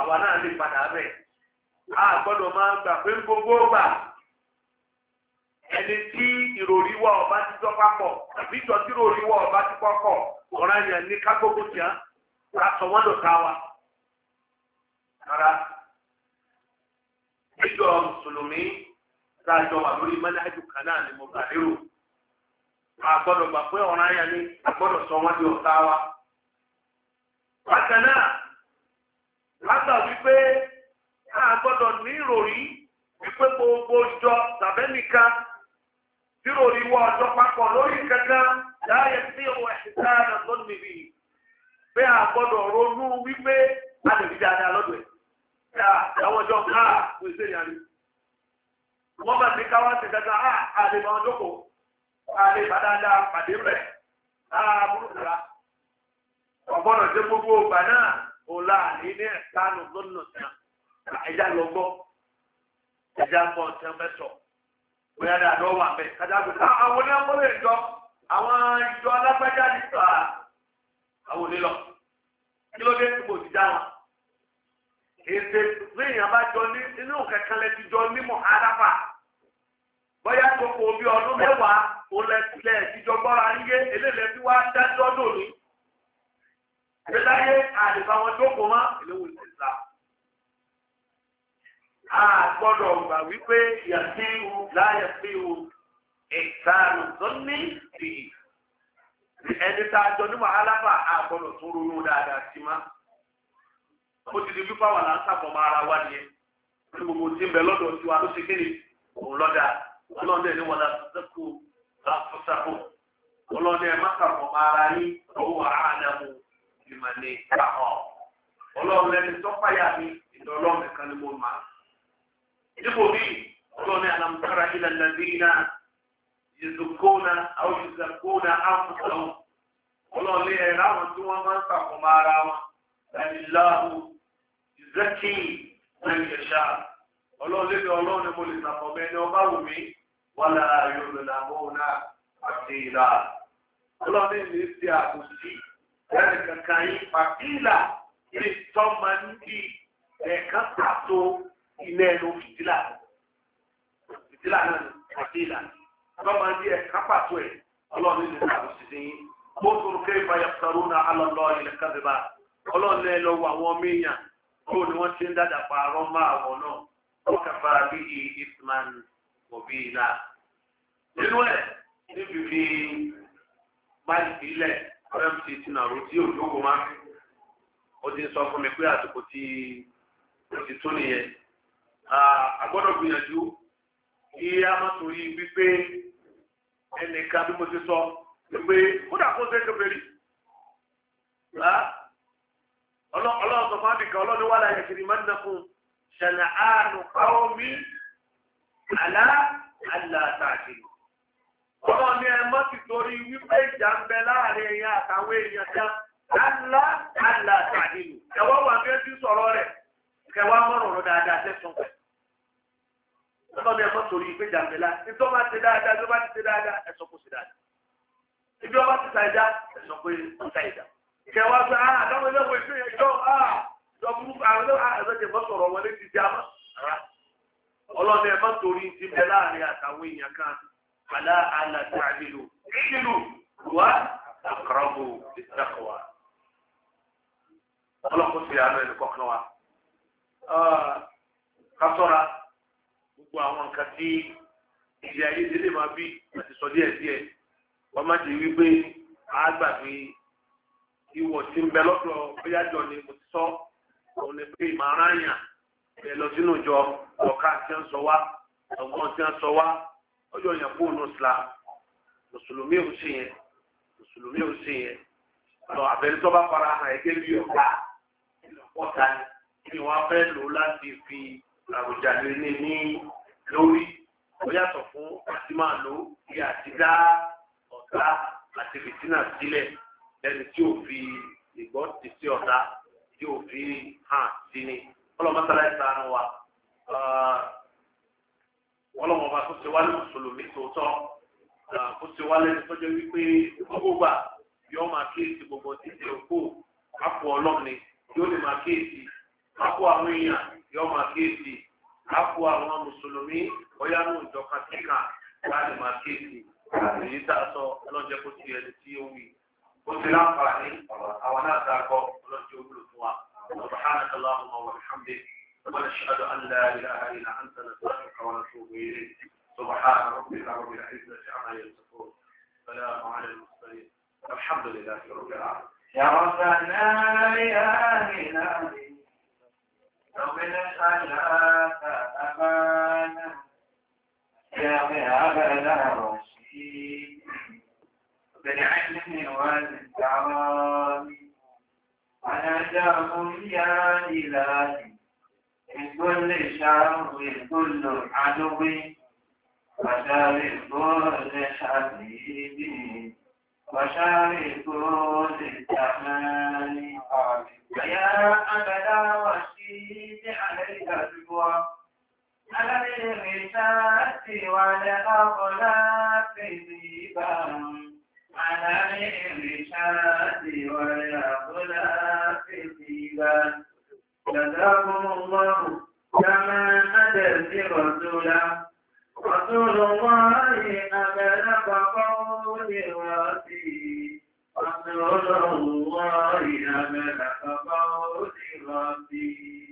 àwa náà lè padà bẹ̀. a gbọ́dọ̀ máa gbà pé gbogbo gbà ẹni tí ìròrí wọ ọba ti jọ papọ̀ àbí ìjọ tí ìròrí wọ ọba ti kọ́kọ̀ ọ̀ràn yẹn ní kágbógbó a ká sọ wọ́n lò táwa. rárá ìjọ mùsùlùmí tá a jọ wà lórí mẹ́nájú kan náà ni mo gbà lérò. a gbọ́dọ̀ gbà pé ọ̀ràn yẹn ní a gbọ́dọ̀ sọ wọ́n di ọ̀tá wa. bákan náà. látà wípé a gbọ́dọ̀ ní ìròrí wípé gbogbo ìjọ tàbẹ́nìkan tí ròrí ọjọ́ papọ̀ lórí kankan láàyè sí ìwọ ẹ̀sìnká náà tó níbi pé a ronú wípé a lè rí dáadáa lọ́dọ̀ ẹ̀ àwọn ọjọ́ ká kò sí rí wọ́n a máa a burúkú ọ̀gbọ́dọ̀ gbogbo ọ̀la ilé ẹ̀kánú lọ́nà tán ẹja lọ gbọ́ ẹja gbọ́ tán mẹ́sọ̀ bóyá dáa lọ́wọ́ wà bẹ́ẹ̀ kájà gbé ká àwọn oníyàwó ìjọ àwọn ìjọ alágbájá ní sọ àwọn onílọ kí ló dé ti dá wọn. ní inú kankan lẹ jọ ní Ìgbéláyé àdìbà wọn tó kò má ìléwò ìsìlá. A gbọ́dọ̀ gbà wípé yàtí ihu láyà sí ihu ìtààrù tó ní ìdí. Ẹni tá a jọ ní wàhálà bá a gbọ́dọ̀ tó ronú dáadáa sí má. Ó ti di wípé àwọn àlàńsàbọ̀ máa ra wá nìyẹn. Ní gbogbo tí ń bẹ lọ́dọ̀ tiwa ló ṣe kéde òun lọ́dà. Ọlọ́dẹ ni wọ́n la sẹ́kù láfọ́sàkù. Ọlọ́dẹ má kà fọ́ máa ra yín, ọwọ́ àánà ti máa ní ìgbà ọ̀. ọlọ́run lẹni tó fàyà mi ìdá ọlọ́run nìkan ni mo mà á. níbo mi ní nàbíyìnà yìzùkóna láti kankan yìí pàtílà ilé tọ́mọ níbi ẹ̀ka pàtó ilé ẹnu fìtílà fìtílà náà ni pàtílà tọ́mọ níbi ẹ̀ka pàtó ẹ̀ ọlọ́run ní ìlú sísè yín mo tún kẹ́ ìfàyà sọ̀rọ̀ náà alọ́lọ́ ilẹ̀ kábíbá ọlọ́run ẹ lọ wọ àwọn ọmọ èèyàn kó ni wọ́n ti ń dàdà pààrọ̀ máa wọ̀ náà wọ́n kàfà bí i isman òbí náà nínú ẹ̀ níbi fi máìlì sílẹ̀ mc tìǹàrú tí ò lóko má ó ti sọ fún mi pé àsìkò tí ó ti tó nìyẹn àgbọ́dọ̀ gbìyànjú kí a má torí wípé ẹnìkan bí mo ti sọ pé kódà kó ṣe kébèrè ọlọ́run sọ fún abìkan ọlọ́run wà láyé kiri máa nà fún ṣànà àánú káwọ́ mi àlá àlá tààkiri. Ọlọ́run ní ẹmọ́ ti torí wípé ìjà ń bẹ láàrin ẹ̀yà àtàwọn èèyàn já. Lálá àlà tàdínù. Ẹ̀wọ́ wà bí ó ti sọ̀rọ̀ rẹ̀. Kẹwàá mọ̀rọ̀ dáadáa sẹ́sùn pẹ̀. Ọlọ́run ní torí wípé ìjà ń bẹ láàrin. Ìjọ bá ti dáadáa, ìjọ bá ti dáadáa, dáadáa. Ìjọ bá ti ta فلا ألا تعدلوا اعدلوا هو أقرب للتقوى ọlọ́kùn sí àánú ẹni kọ̀ọ̀kan wa ká sọ́ra gbogbo àwọn nǹkan tí ìdí ayé délé máa bí àti sọ díẹ̀ díẹ̀ wọ́n má ti wí pé àgbà pé ìwọ̀ tí ń bẹ lọ́dọ̀ bóyájọ ni mo ti sọ òun ni pé ìmọ̀ aráyàn ẹ lọ sínú ìjọ ọ̀ka tí ń sọ wá ọgbọ́n tí ń sọ wá ọjọ́ yẹn kó nu islam mùsùlùmí ò sí yẹn mùsùlùmí ò sí yẹn lọ àbẹ̀rẹ̀ tó bá fara hàn ẹ̀gẹ́ bí ọ̀gá ọ̀tá ni kí wọ́n fẹ́ lò láti fi àròjàre ní ní lórí ó yàtọ̀ fún àti máa lò kí àti dá ọ̀tá àti fìtínà sílẹ̀ lẹ́ni tí ò fi ìgbọ́ ti sí ọ̀tá tí ò fi hàn sí ni ọlọ́mọ sáláì sáà ń ọlọ́mọ bá tó ti wá lóṣù sòlòmí tòótọ́ kó ti wá lẹ́nu tọ́jọ́ wípé gbogbo gbà yóò máa kíyèsí gbogbo títí òkú àpò ọlọ́ọ̀ni yóò lè máa kíyèsí àpò àwọn èèyàn yóò máa kíyèsí àpò àwọn mùsùlùmí ọ̀yá ní òjọ kàtíkà láti máa kíyèsí èyí tá a sọ ọlọ́jẹ́ kó ti ẹni tí ó wí kó ti láǹfààní àwọn náà dàgbọ́ ọlọ́jẹ́ òwúlò wa. سبحانك ونشهد أن لا إله إلا أنت نستغفرك ونتوب إليك سبحان ربك رب العزة عما يصفون سلام على المرسلين الحمد لله رب العالمين يا ربنا يا إلهي رب الخلاق أمانا يا غياب الرشيد بالعلم والكرم أنا جرم يا إلهي كل شر كل عدو وشر كل حبيب وشر كل تمام يا أبدا وشيد عليك الجوع على الرشاة والأخلاق ذيبا على الرشاة والأخلاق ذيبا جزاكم الله كما أدت رسولا رسول الله أبلغ قولي ربي رسول الله أبلغ قولي ربي